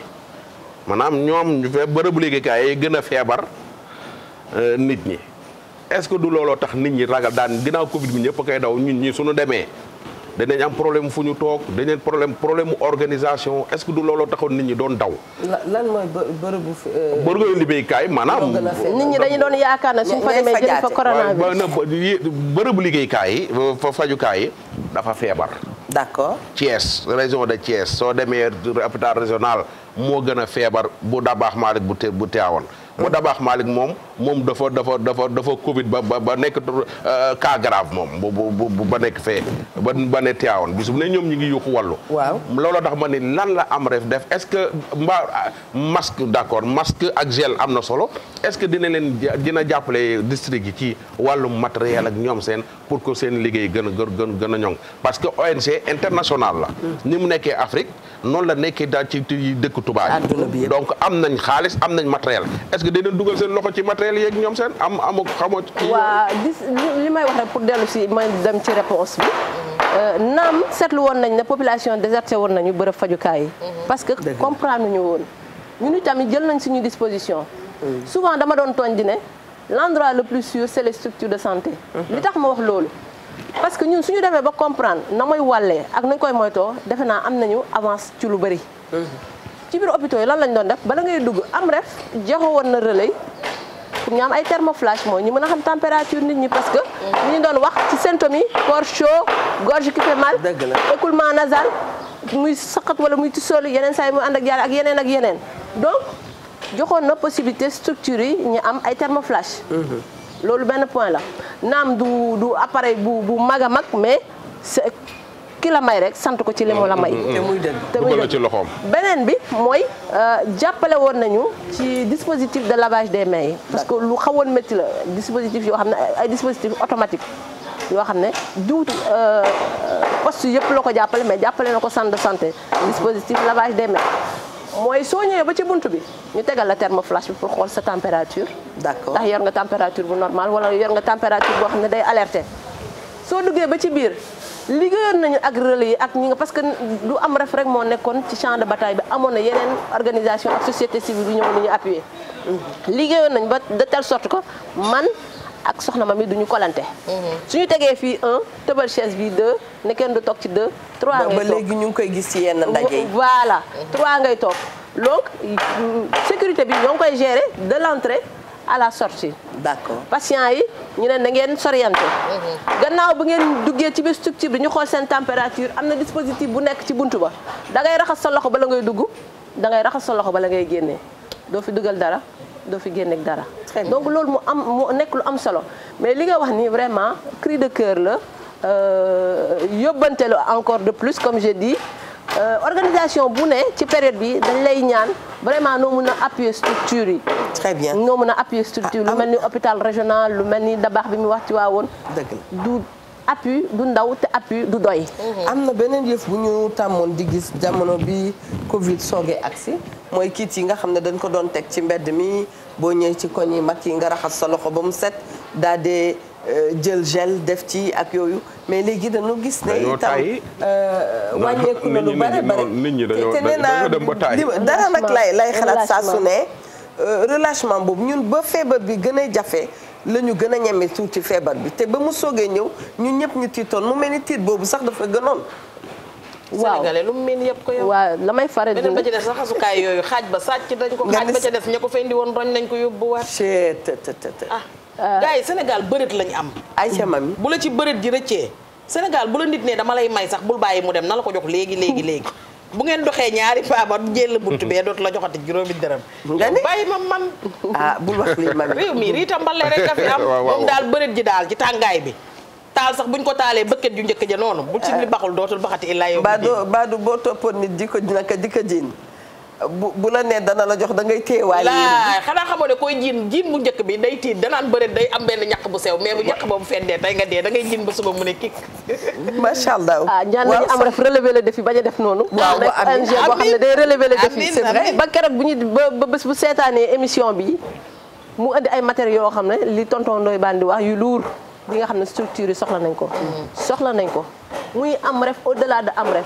maanaam ñoom ñu fee bërëbu liggéeykaay yi gën a feebar euh, nit ñi est-ce que du looloo tax nit ñi ragal daan ginnaaw Covid bi ñëpp koy daw ñun ñi suñu demee. danañ am problème fu ñu toog danañ problème problème organisation est-ce que du looloo taxoon nit ñi doon daw. lan mooy bërëbu. Euh, bërëbu liggéeykaay maanaam. nit ñi dañu doon yaakaar na suñ fa demee jël fa coronavirus. bërëbu liggéeykaay yi fa fajukaay yi dafa feebar. d'accord Thiès région de Thiès soo demee hôpital régional moo gën a feebar bu Dabaax Malick bu te bu Tivaouane mu dabaax Malick moom moom dafa dafa dafa dafa Covid ba ba nekk euh, cas grave moom bu ba nekk fee. ba ba ne Tivaouane bisu ne ñoom ñi ngi yuuxu wàllu. waaw looloo tax ma ni lan la am ref def est-ce que mbaa masque d'accord masque ak gel am na solo est-ce que dina leen dina jàppale district yi ci wàllum matériel ak ñoom seen pour que seen liggéey gën a gën gën a ñoŋ parce que ONG international la. Mm. ni mu nekkee Afrique noonu la nekkee daal ci dëkk tubaab yi. donc am nañ xaalis am nañ matériel que day doon dugal seen loxo ci matériel yeeg ñoom seen am am ak waa li may wax rek pour dellu si ma dem ci réponse bi. Euh, naam seetlu woon nañ ne population déserté woon nañu bërëb fajukaay yi. Mhm. parce que comprendre ñu woon. ñun itamit jël nañ suñu disposition. Mhm. souvent dama doon tooñ di ne l'endroit le plus sûr c'est les de santé. Mhm. li tax ma wax loolu. parce que ñun suñu demee ba comprendre na mooy wàllee ak nañ koy moytoo defe naa am nañu avance ci lu ci biir hôpitaux yi lan lañu doon def bala ngay dugg am ref joxe woon na relais pour ñu am ay thermoflash mooy ñu mën a xam température nit ñi parce que. ñu doon wax ci symptômes yi corps chaud gorge qui fait mal. écoulement nasal muy saqat wala muy tissoolu yeneen saa yi mu ànd ak yàlla ak yeneen ak yeneen donc joxoon na possibilité structure yi ñu am ay thermoflash. Mm-hmm. loolu benn point la naam du du appareil bu bu mag a mag mais c'est ki la may rek sant ko ci li la may. Mm-hmm. te muy dem te muy dëgg ci beneen bi mooy euh, jàppale woon nañu ci dispositif de lavage de may parce que lu xawoon métti la dispositif yoo xam ne ay dispositif automatique yoo xam ne duut euh, euh, poste yëpp la ko jàppale mais jàppale na ko centre de santé. dispositif lavage des mains. mooy soo ñëwee ba ci buntu bi ñu tegal la thermoflash bi pour xool sa température. d'accord ndax yor nga température bu normal wala yor nga température boo xam ne day alerté ci biir. liggéeyoon nañu ak relais yi ak ñi nga parce que du am ref rek moo nekkoon ci champ de bataille bi amoon na yeneen organisation ak société civile yu ñëw nañu appuyer. liggéeyoon nañu ba de telle sorte ko man ak soxna ma mi duñu kolante. suñu tegee fii un tëbal chaise bi deux ne kenn du toog ci deux. trois ngay toog ba léegi ñu ngi koy gis ci yenn ndaje yi. voilà trois ngay toog donc sécurité bi ñoo ngi koy gérer de l' à la sortie. d'accord patient yi ñu ne na ngeen soriante. Mhm. gannaaw bu ngeen duggee ci biir structure bi ñu xool seen température am na dispositif bu nekk ci buntu ba da ngay raxas sa loxo bala ngay dugg dangay ngay raxas sa loxo bala ngay génnee doo fi dugal dara doo fi génneeg dara. donc loolu mu am mu nekk lu am solo mais li nga wax ni vraiment cri de cœur la euh, yóbbante la encore de plus comme j'ai dit. Euh, organisation bu ne ci période bi dañ lay ñaan vraiment noo mën a appuye structure yi. très bien noo mën a appuyer structure ah, lu mel ni ah. hôpital régional lu mel ni dabaax bi mu wax ci waa woon. dëgg du appui du ndaw te appui du doy. Mm-hmm. am na beneen yëf bu ñu tàmmoon di gis jamono bi Covid soogee si mooy kiit yi nga xam ne dañ ko doon teg ci mbedd mi boo ñëwee ci koñ yi mag yi nga raxas sa loxo ba mu set daa dee euh, jël gel def ci ak yooyu. mais léegi dañu gis ne itam euh, wàññeeku na lu bare bare nit ñi dañoo dem ba taay dara nag lay lay xalaat saa su ne euh, relâchement boobu ñun ba feebar bi gën a jafe lañu gën a ñeme ci feebar bi te ba mu soogee ñëw ñun ñëpp ñu tiitoon mu mel ni tiit boobu sax dafa gënoon waaw sénégalais lu mu mel yëpp ko yow. waaw la may faral di beneen ba ci des raxasukaay yooyu xaaj ba sàcc dañ ko. xaaj ba ca des ña ko fa indi woon roñ nañ ko yóbbuwaat. ah. Euh. gars yi Sénégal bëreet lañ am. ayca man mm. bu la ci bëreet ji rëccee Sénégal bu la nit ne dama lay may sax bul bàyyi mu dem na la ko jox léegi léegi (laughs) léegi. bu ngeen doxee ñaari paabar jël bunt bee dootu la joxati juróomi dërëm. nga ni bàyyi ma man. ah bul wax lii man réew mi riita mbale rek nga fi am. (laughs) moom daal bëreet ji daal ci tàngaay bi. taal sax buñ ko taalee bëkkat yu njëkk ja noonu. bu ci ah. li baxul dootul baxati illaa yow. baadu baadu boo toppoon nit di ko naka di jiin bu bu la nee dana la jox da ngay téewaay. laay xanaa xamoo ne koy jiin jiin bu njëkk bi day tiit danaan bëre day am benn ñàkk bu sew mais bu ñàkk boobu feddee tey nga dee da ngay jiin ba suba mu ne kik. (laughs) macha allah ah ñaan nañu am ref relever le défi bañ a def noonu. waaw ba am boo xam ne day relever le ba keroog bu ba seetaanee émission bi mu indi ay matériels yoo xam ne li tonton Ndoye Bane di wax yu luur li nga xam ne structure yi soxla nañ ko. Mm. soxla nañ ko muy am ref au laa de am ref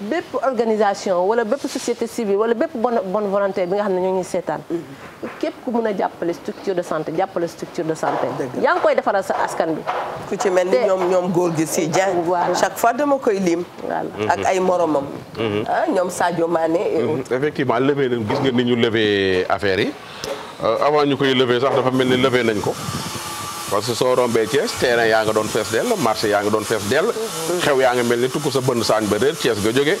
bépp organisation wala bépp société civile wala bépp bonne bonne volonté bi nga xam ne ñoo ngi seetaan. Mm-hmm. képp ku mun a jàppale structure de santé jàppale structure de santé. yaa ngi koy defaral sa askan bi. ku ci mel ni ñoom ñoom góor gi si Dieng. chaque fois dama koy lim. Mm-hmm. ak ay moromam. Mm-hmm. ah ñoom Sadio Mané. effectivement levé nañ gis nga ni ñu levé affaire yi euh, avant ñu koy levé sax dafa mel ni levé nañ ko. parce que soo rombee Thiès terrain yaa nga doon fees dell marché yaa nga doon fees dell xew yaa nga mel ni tukku sa bënn saañ ba réer Thiès ga jógee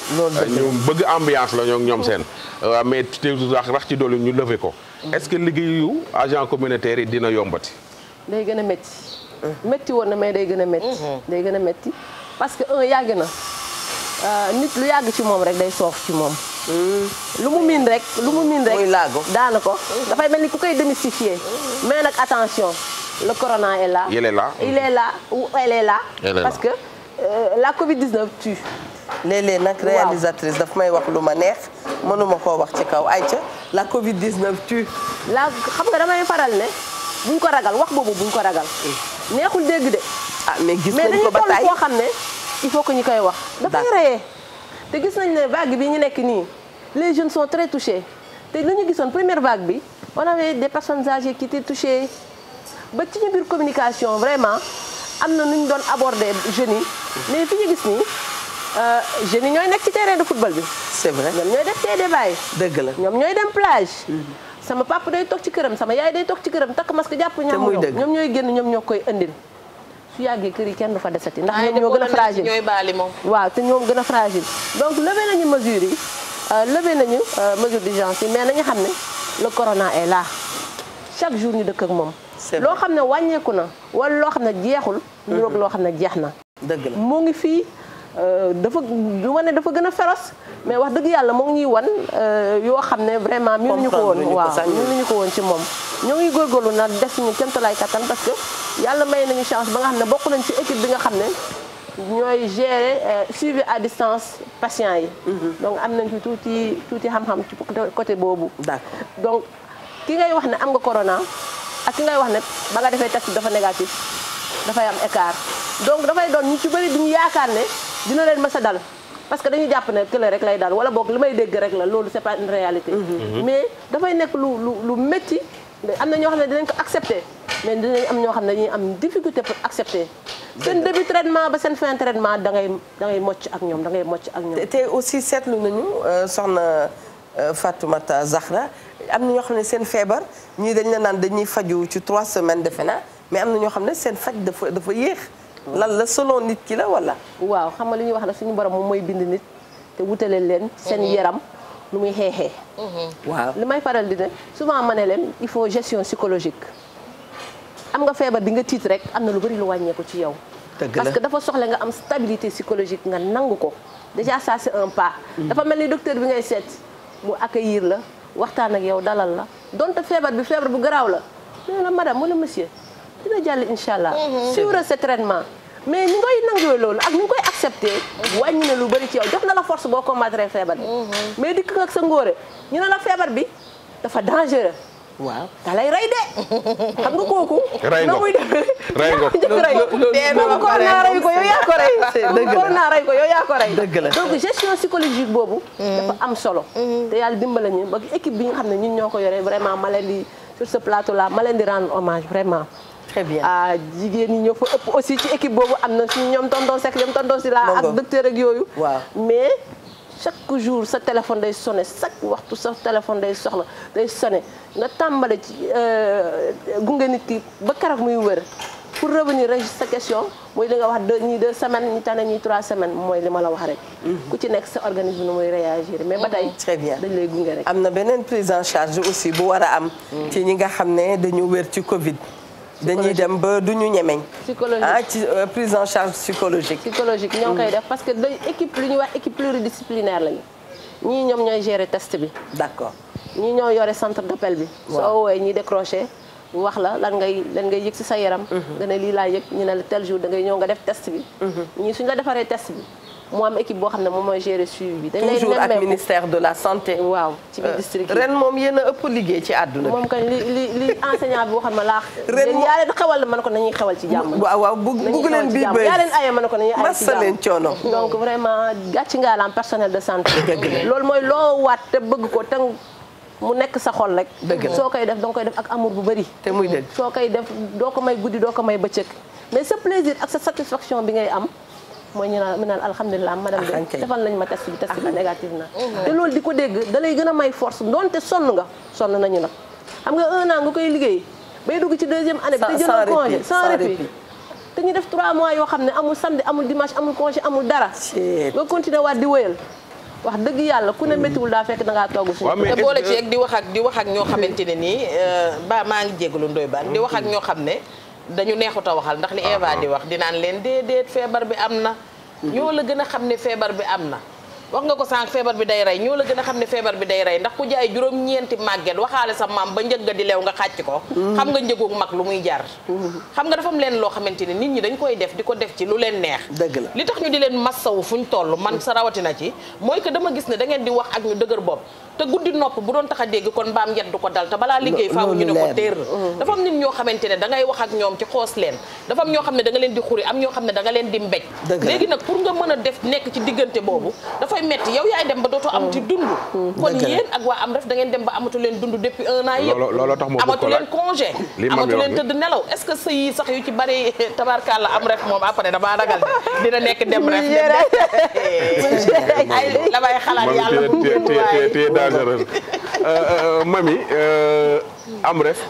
ñu bëgg ambiance la ñoom seen waaw euh, mais tesax rax ci dolli ñu lëfe ko est-ce que liggéeyu agent communautaire yi dina yombati day gën a métti métti woon na mais day gën a métti mhm. day gën a métti parce que un yàgg na euh, nit lu yàgg ci moom rek day soof ci moom mhm. lu mu miin rek lu mu miin rek daana ko dafay mel ni ku koy démystifier mhm. mais nag attention le corona est là. il est là il parce que euh, la Covid 19 tue. léeg nag réalisatrice daf may wax lu ma neex mënuma koo wax ci kaw ca la Covid 19 la xam nga damay faral ne buñ ko ragal wax boobu buñ ko ragal. Mm. neexul dégg de. ah mais gis nañ ko ba mais dañu toll xam ne il faut que ñu koy wax. dafay reyee te gis nañ ne vague bi ñu nekk nii les jeunes sont très touchés te li ñu gisoon première vague bi on avait des personnes âgées qui touchées. ba ci ñu biir communication vraiment am na nu ñu doon aborder jeunes yi mais fi ñu gis nii euh, jeunes yi ñooy nekk ci terrain de football bi. c'est vrai ñoom ñooy def tey débat yi. dëgg la ñoom ñooy dem plage. Mm-hmm. sama papa day toog ci këram sama yaay day toog ci këram takk masque jàpp ñaam ñoom ñooy génn ñoom ñoo koy indil. su yàggee kër yi kenn du fa desati ndax ñoom ñoo gën a fragile ñooy baali moom waaw te ñoom gën a fragile donc levé nañu mesures yi euh, levé nañu euh, mesure d'urgence yi mais nañu xam ne le corona est là chaque jour ñu dëkk moom loo xam ne wàññeeku na wala loo xam ne jeexul niroog loo xam ne jeex na dëgg la mu ngi fii euh, dafa du ma ne dafa gën a féroce mais wax dëgg yàlla moo ngi ñuy wan euh, yoo xam ne vraiment miinu ñu ko woon waaw miinu ñu ko woon ci moom ñoo ngi góorgóorlu nag def suñu kéemtalaay kattan parce que yàlla may nañu chance ba nga xam ne bokk nañ ci équipe bi nga xam ne ñooy gérer euh, suivi à distance patient yi mhm. donc am nañ ci tuuti tuuti xam-xam ci côté boobu donc ki ngay wax ne am nga corona ak ki ngay wax ne ba nga defee test dafa négatif dafay am écart donc dafay doon ñu ci bëri du ñu yaakaar ne dina leen mës a dal parce que dañu jàpp ne kële rek lay dal wala boog li may dégg rek la loolu c'est pas une réalité mm-hmm. Mm-hmm. mais dafay nekk lu lu lu métti am na ñoo xam ne dinañ ko accepter mais dinañ am ñoo xam ne dañuy am difficulté pour accepter seen début traitement ba seen fin traitement da ngay da ngay mocc ak ñoom da ngay mocc ak ñoom te aussi seetlu nañu euh, soxna euh, Fatoumata Zahra am na ñoo xam ne seen feebar ñii dañ la naan dañuy faju ci trois semaines defe naa mais am na ñoo xam ne seen faj dafa dafa yéex. lan la solo nit ki la wala. waaw xam nga li ñuy wax la suñu borom moom mooy bind nit te wutale leen. seen mhm. yaram lu muy xeexee. Mhm. waaw li may faral di ne souvent ma ne leen il faut gestion psychologique. am nga feebar bi nga tiit rek am na lu bari lu wàññeeku ci yow. parce que dafa soxla nga am stabilité psychologique nga nangu ko déjà ça c'est un pas. Mhm. dafa mel ni docteur bi ngay seet mu accueillir la. waxtaan ak yow dalal la donte feebar bi feebar bu garaaw la nee na madame wala monsieur dina jàll incha allah. Mm-hmm. suivre traitement. mais ni ngay nanguwee loolu ak ni nga koy accepté mm-hmm. wàññi na lu bëri ci yow jox na la force boo combattre feebar bi. Mm-hmm. mais dikk nga ak sa ngóore ñu ne la feebar bi dafa dangereux. waaw da lay rey de xam nga kooku. rey nga ko rey nga ko loolu ko naa rey ko yow yaa ko rey. ko naa rey ko yow yaa ko rey. dëgg la donc gestion psychologique boobu. dafa am solo. te yàlla dimbala ñu ba équipe bi nga xam ne ñun ñoo ko yore vraiment ma leen di sur ce plateau là ma leen di rendre hommage vraiment. très bien ah jigéen ñi ñoo fa ëpp aussi ci équipe boobu am na suñu ñoom tonton Seck ñoom tonton Sylla ak docteur ak yooyu. waaw mais. chaque jour sa téléphone day sonné chaque waxtu sa téléphone day soxla day sonné nga tàmbale ci euh, gunge nit ki ba keroog muy wër pour revenir rek sa question mooy li nga wax de ñii deux semaines ñi tane ñii trois semaines mooy li ma la wax rek. Mhm. ku ci nekk sa organisme nu muy réagir mais ba tey. très bien lay gunge rek. am na beneen prise en charge aussi bu war a am. Mhm. ci ñi nga xam ne dañu wër ci Covid. dañuy dem ba du ñu ñemeñ. psychologique ah ci euh, prise en charge psychologique. psychologique ñoo koy def parce que dañ équipe lu ñuy wax équipe pluridisciplinaire lañu ñii ñoom ñooy gérer test bi. d'accord ñii ñoo yore centre d'appel bi. waaw soo woowee ñiy décroché wax la lan ngay lan ngay yëg ci sa yaram. Mhm. nga ne lii laa yëg ñu ne la tel jour da ngay ñëw nga def test bi. Mhm. ñii suñ la defaree test bi. moo am équipe boo xam ne moom mooy gérer suivi bi. dañ lay toujours ak de la santé. waaw ci biir euh, district ren moom yéen a ëpp liggéey ci àdduna bi. moom kañ li li li enseignant bi waxoon ma laa. xewal man ko nañuy xewal ci jàmm. waaw waaw bëgg bëgg leen bii bëri yaa leen aye man ko nañuy aye ci jàmm massa leen coono. donc vraiment gàcce personnel de santé. dëgg loolu mooy loo waat te bëgg ko te. mu nekk sa xol rek. soo koy def danga koy def ak amour bu bëri. te muy dëgg soo koy def doo ko may guddi doo ko may bëccëg mais sa sa satisfaction bi ngay am. mooy ñu naan mu naan alhamdulilah madame de defal nañ ma test bi test bi négatif na oh, te loolu di ko dégg dalay gën a may force ndonte sonn nga sonn nañu na xam nga un an nga koy liggéey bay dugg ci deuxième année bi te jëloo congé sans répit te ñu def 3 mois yoo xam ne amul samedi amul dimanche amul congé amul dara nga continuer waat di woyal wax dëgg yàlla ku ne mm. méttiwul daa fekk da ngaa togg suñu te boole ci ak di wax ak di wax ñoo xamante ne nii euh, ba maa ngi jégalu ndoy baan di wax ak ñoo xam ne dañu neexut a waxal ndax li Eva ah, ah. di wax dinaan leen déedéet feebar bi am na mm-hmm. ñoo la gën a xam ne feebar bi am na wax nga ko sànq feebar bi day rey ñoo la gën a xam ne feebar bi day rey ndax ku jaay juróom-ñeenti màgget waxaale sa maam ba njëg di leew nga xàcc ko mm-hmm. xam nga njëgu mag lu muy jar mm-hmm. xam nga dafa leen loo xamante ni nit ñi dañ koy def di ko def ci lu leen dëgg li tax ñu di leen massawu fuñ toll man sa rawatina ci mooy que dama gis ne da ngeen di wax ak ñu dëgër bopp te guddi nopp bu doon tax dégg kon mbaam yet du ko dal te balaa liggéey faaw ñu ne mm-hmm. am ñoo xamante ne da wax ak ñoom ci xoos leen dafa ñoo xam ne danga leen di xuri am ñoo xam ne da leen di mbéj léegi nag pour nga mën a def nekk ci diggante boobu dafay metti yow yaay dem ba am amati mm. dund mm. kon yéen ak waa am ref da ngeen dem ba amatu leen dund depuis un an yëpp looloo tax amatu leen congé amatu leen tëdd nelaw est-ce que sëy yi yu ci bari (laughs) tabarkaal la am ref moom après damaa ragal de dina nekk dem ref ay la may xalaat yàlla bu téye dangereux mami am ref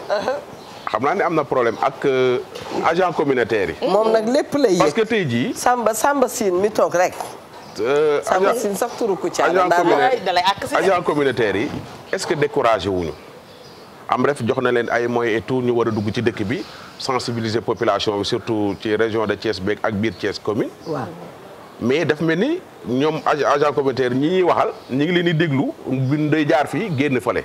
xam naa ne am na problème ak euh, agent communautaire yi moom nag lépp lay yëg parce que tey jii samba samba siin mi toog rek Euh, agent agent communautaire yi est-ce que découragé wuñu am ref jox na leen ay moyens et ñu war a dugg ci dëkk bi sensibiliser population bi surtout ci région de Thiès beeg ak biir Thiès commune. mais daf mel ni ñoom agent communautaire ñi waxal ñu ngi leen di déglu buñ day jaar fii génn fale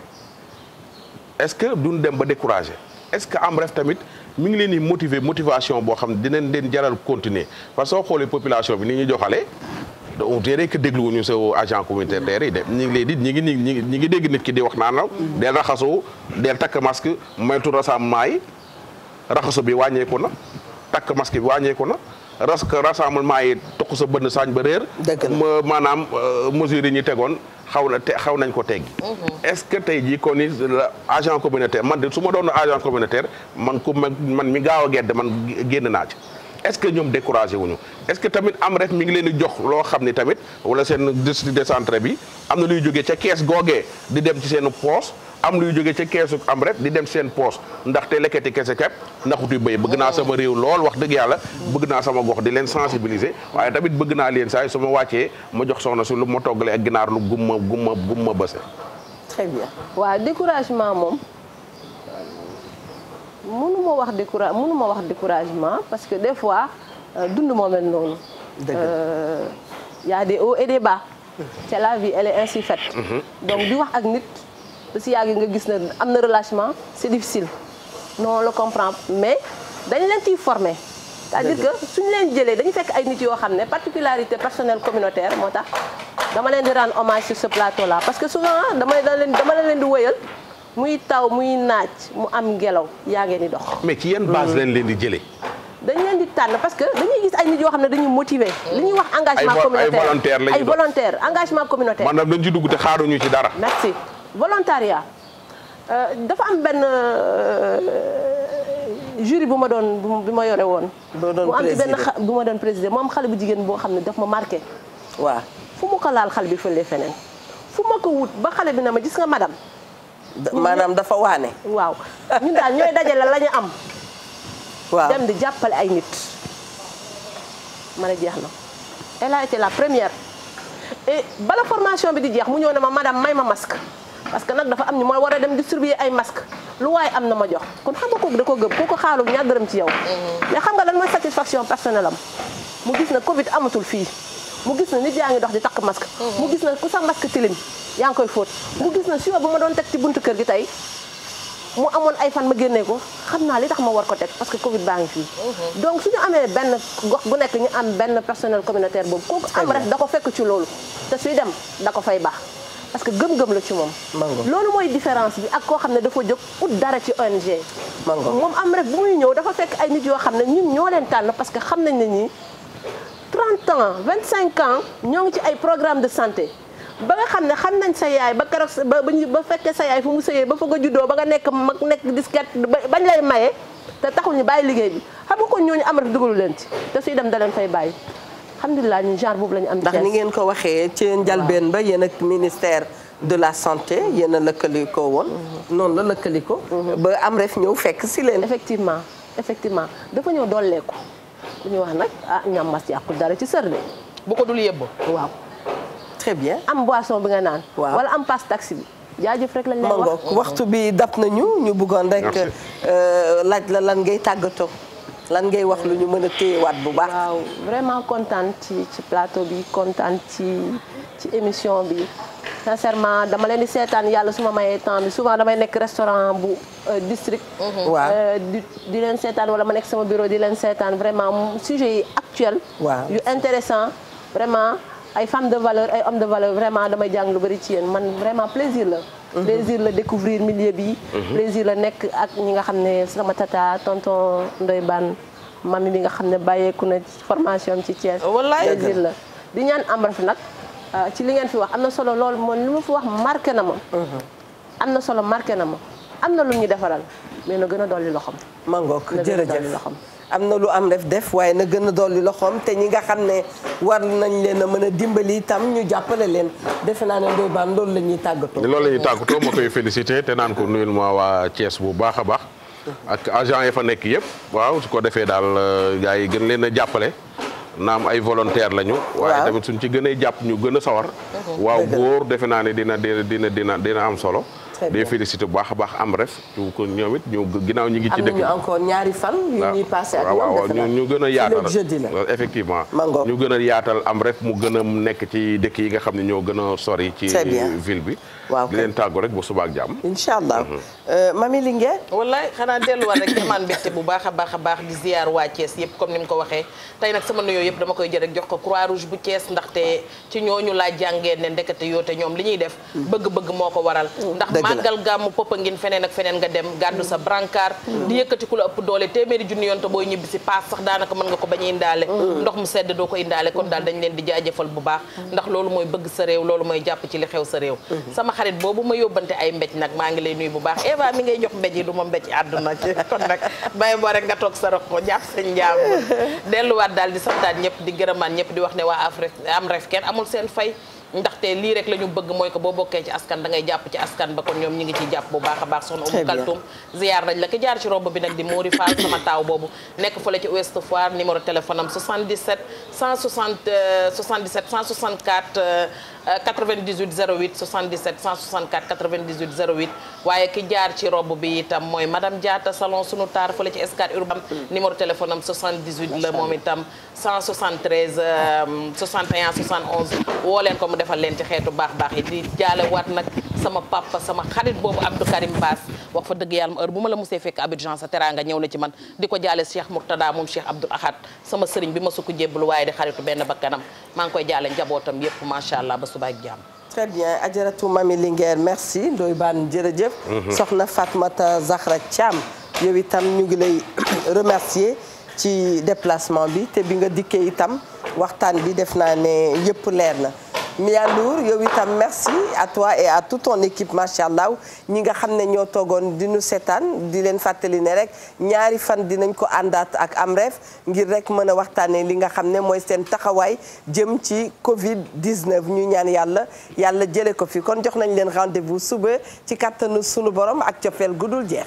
est-ce que duñ dem ba découragé est-ce que am ref tamit mu ngi leen di motiver motivation boo xam ne dinañ leen jaral continuer parce que soo xoolee population bi ni ñuy joxale on dirait que dégluwuñu sa agent communautaire de ñu ngi lay dit ñi ngi ñi ñi ngi dégg nit ki di wax naan la del raxasu del takk masque moytu rassemblement yi raxasu bi wàññeeku na takk masque wàññeeku na parce que rassemblement yi toq sa bënn saañ ba réer ma maanaam euh, mesures yi ñu tegoon xaw na te xaw nañ ko teg mm-hmm. est-ce que tey jii kon agent communautaire man de su ma doon agent communautaire man ku man mi gaaw a gedd man génn naa ci est-ce que ñoom découragé wuñu est-ce que tamit am ref mi ngi leen jox loo xam ni tamit wala seen district décentré bi am na luy jógee ca kees googee di dem ci seen poos am luy jóge ca keesu am rek di dem seen poos ndaxte lekkati kese kepp naxutuy béy bëgg naa sama réew lool wax dëgg yàlla bëgg naa sama gox di leen sensibiliser waaye tamit bëgg naa leen saa yi su ma wàccee ma jox soxna su lu ma toggalee ak ginaar lu gumma gumma gumma bëse très bien découragement moom mënu ma wax décourage mënu ma wax découragement parce que des fois euh, dund moo mel noonu. Euh, y a des hauts et des bas. c'est mmh. la vie elle est ainsi faite. Mmh. donc di wax ak nit ba si yàgg nga gis na am na relâchement c'est difficile. non on le comprend mais dañ leen ciy former. c'est-à-dire que suñu leen jëlee dañu fekk ay nit yoo xam ne particularité personnelle communautaire moo tax dama leen di rendre hommage sur ce plateau là parce que souvent dama leen leen di wëyal. muy taw muy naaj mu am ngelaw yaa ngeen di dox. mais ci yan base lañ leen di jëlee. dañ leen di tànn parce que dañuy gis ay nit yoo xam ne dañuy motiver. li ñuy wax engagement communautaire ay volontaire la ay engagement communautaire. maanaam dugg te xaaruñu ci dara. merci volontariat euh, dafa am benn euh, jury bu ma doon bu ma yore woon. bu doon am ci benn bu ma doon président mu am xale bu jigéen boo xam ne daf ma marqué. waaw fu mu ko laal xale bi fële feneen fu ma ko wut ba xale bi na ma gis nga madam maanaam dafa waane. waaw ñun daal ñooy dajale la ñu am. waaw dem di jàppale ay nit. ma ne jeex na elle a la première. et bala formation bi di jeex mu ñëw ne ma madame may ma mask parce que nag dafa am ñu mooy war a dem distribuer ay masque lu waaye am na ma jox kon xam nga kooku da ko gëm kooku xaalu ñaar dërëm ci yow. Mm-hmm. mais xam nga lan mooy satisfaction personnelle mu gis na Covid amatul fii. mu gis na nit yaa ngi dox di takk masque mhm. mu gis na ku sa masque tilim yaa ngi koy fóot mu gis na siwo bu ma doon teg ci buntu kër gi tey mu amoon ay fan ma génnee ko xam naa li tax ma war ko teg parce que Covid baa ngi fii. Mhm. donc su ñu amee benn nekk ñu am benn personnel communautaire boobu. kooku da ko fekk ci loolu. te suy dem da ko fay baax parce que gëm-gëm la ci moom. loolu mooy différence bi ak koo xam ne dafa jóg ut dara ci ONG. moom am rek bu muy ñëw dafa fekk ay nit yoo xam ne ñun ñoo leen tànn parce que xam nañ ne ñii. 30 ans 25 ans ñoo ngi ci ay programme de santé ba nga xam ne xam nañ sa yaay ba keroog ba ba fekkee sa yaay fu mu sëyee ba fa nga juddoo ba nga nekk mag nekk disquette bañ lay maye te taxul ñu bàyyi liggéey bi xam nga ko ñooñu Amara dugalu leen ci te suy dem da leen fay bàyyi xam alhamdulilah ñun genre boobu la ñu am. ndax ni ngeen ko waxee ci njalbeen ba yéen ak ministère. de la santé yéen a lëkkalikoo woon. Mhm. noonu la lëkkaliko mhm. ba am ref ñëw fekk si leen. effectivement effectivement dafa ñëw dooleeku. ku ñu wax nag ah ñammas yàqul dara ci sër de. bu ko dul waaw. très bien am boisson bi nga naan. waaw wala am passe taxi bi. jaajëf rek lañ lay wax waxtu bi dab nañu ñu bëggoon rek. Euh, laaj la lan ngay tàggatoo. lan ngay wax lu ñu mën a waat bu baax. vraiment kontaan ci ci plateau bi kontaan ci ci émission bi. sincèrement dama leen di seetaan yàlla su ma mayee temps bi souvent damay nekk restaurant bu euh, district. Mhm. waaw euh, di leen seetaan wala ma nekk sama bureau di leen seetaan vraiment sujet yi actuel. waaw yu intéressant vraiment ay femmes de valeur ay hommes de valeur vraiment damay jàng lu bari ci yéen man vraiment plaisir la. Mhm. plaisir la découvrir millier bi. Mhm. plaisir la nekk ak ñi nga xam ne sama tata tonton Ndoye Bane mami bi nga xam ne bàyyeeku na formation ci Thiès. wallaay plaisir la di ñaan am raf nag. Euh, ci li ngeen fi wax am na solo lool moom li ma fi wax marqué na ma. Uh-huh. am na solo marqué na ma am na lu ñu defaral mais na gën a dolli loxoom. mangook jërëjëf loxoom. am na lu am def def waaye na gën a dolli loxoom te ñi nga xam ne war nañ leen a mën a dimbali itam ñu jàppale leen defe naa ne Ndoye Bane loolu la ñuy tàggatoo. loolu la ñuy tàggatoo ma koy félicité te naan ko nuyul ma waa Thiès bu baax a baax. Uh-huh. ak agent yi fa nekk yëpp. waaw su ko defee daal euh, gars yi gën leen a jàppale. naam ay volontaire lañu. waaye tamit suñ ci gënee jàpp ñu gën a sawar. Mhm. waaw góor defe naa ne dina dina dina dina am solo. di félicité bu baax a baax am ref ñu ko ñoom it ñu ginnaaw ñu ngi ci dëkk am encore ñaari fan. yu ñuy ñu gën a yaatal effectivement. ñu gën a yaatal am ref mu gën a nekk ci dëkk yi nga xam ne ñoo gën a sori. ci ville bi. waaw di leen tàggu rek ba suba ak jàmm. incha allah mhm. euh, mami Linguère. wallaay xanaa delluwaat rek di amaan bu baax a baax a baax di ziar waa Thiès yëpp comme ni mu ko waxee tey nag sama nuyoo yëpp dama koy jël rek jox ko croix rouge bu Thiès ndaxte ci ñooñu laa jàngee ne ndekete yoo te ñoom li ñuy def. Mm. bëgg-bëgg moo ko waral. Mm. ndax màggal gàmmu Popenguine feneen ak feneen nga dem gàddu sa brancard. Mm. di yëkkati ku la ëpp doole téeméeri junni yoon boo booy si paas sax daanaka mën nga ko bañ a indaale. ndox mu sedd doo ko indaale kon daal dañ leen di jaajafal bu baax ndax loolu mooy bëgg sa réew loolu mooy jàpp ci li xew sa réew xarit boobu ma yóbbante ay mbéj nag maa ngi lay nuyu bu baax Eva mi ngay jox mbéj yi du ma àdduna ci (laughs) kon nag bay boo rek nga toog sa rox ko jàpp ñëpp di wax ne waa Afrique am ref kenn amul seen ko boo bokkee ci askan da jàpp ba kon ñoom ñi ngi ciy jàpp bu baax a baax soxna Oumou Kaltoum ziar nañ la ki jaar ci robb bi nag di Mouri Fall sama taaw boobu nekk fële ci Ouest Foire numéro téléphone am 77 160 euh, 77 164 euh, 98 08 77 164 98 08 waaye ki jaar ci robe bi itam mooy madame Diatta salon sunu taar la ci Scat Urbam hmm. numéro téléphone am 78 la moom itam 173 61 euh, woo leen ko mu defal leen ci xeetu baax baax yi di jaale waat nag sama papa sama xarit boobu Abdou Karim Baas wax fa dëgg yàlla ma heure bu ma la musee fekk Abidjan sa teraanga ñëw na ci man di ko jaale Cheikh Mourtada moom Cheikh Abdoul Ahad sama sëriñ bi ma sukk jébbalu waaye di xaritu benn bakkanam maa ngi koy jaale njabootam yëpp macha allah suba ak jàmm. très bien ajaratu Mami Linguère merci Ndoye Bane jërëjëf. Mhm. soxna Fatmata Zahra cam yow itam ñu ngi lay (clears throat) remercier ci déplacement bi te bi nga dikkee itam waxtaan bi def naa ne yëpp leer na. Mia Ndour yow itam merci à toi et à toute ton équipe macha allah ñi nga xam ne ñoo toogoon di nu seetaan di leen fàttali ne rek ñaari fan dinañ ko àndaat ak AMREF ngir rek mën a waxtaanee li nga xam ne mooy seen taxawaay jëm ci Covid 19 ñu ñaan yàlla yàlla jëlee ko fi kon jox nañ leen rendez-vous suba ci kattanu sunu borom ak cofeel gudul jeex.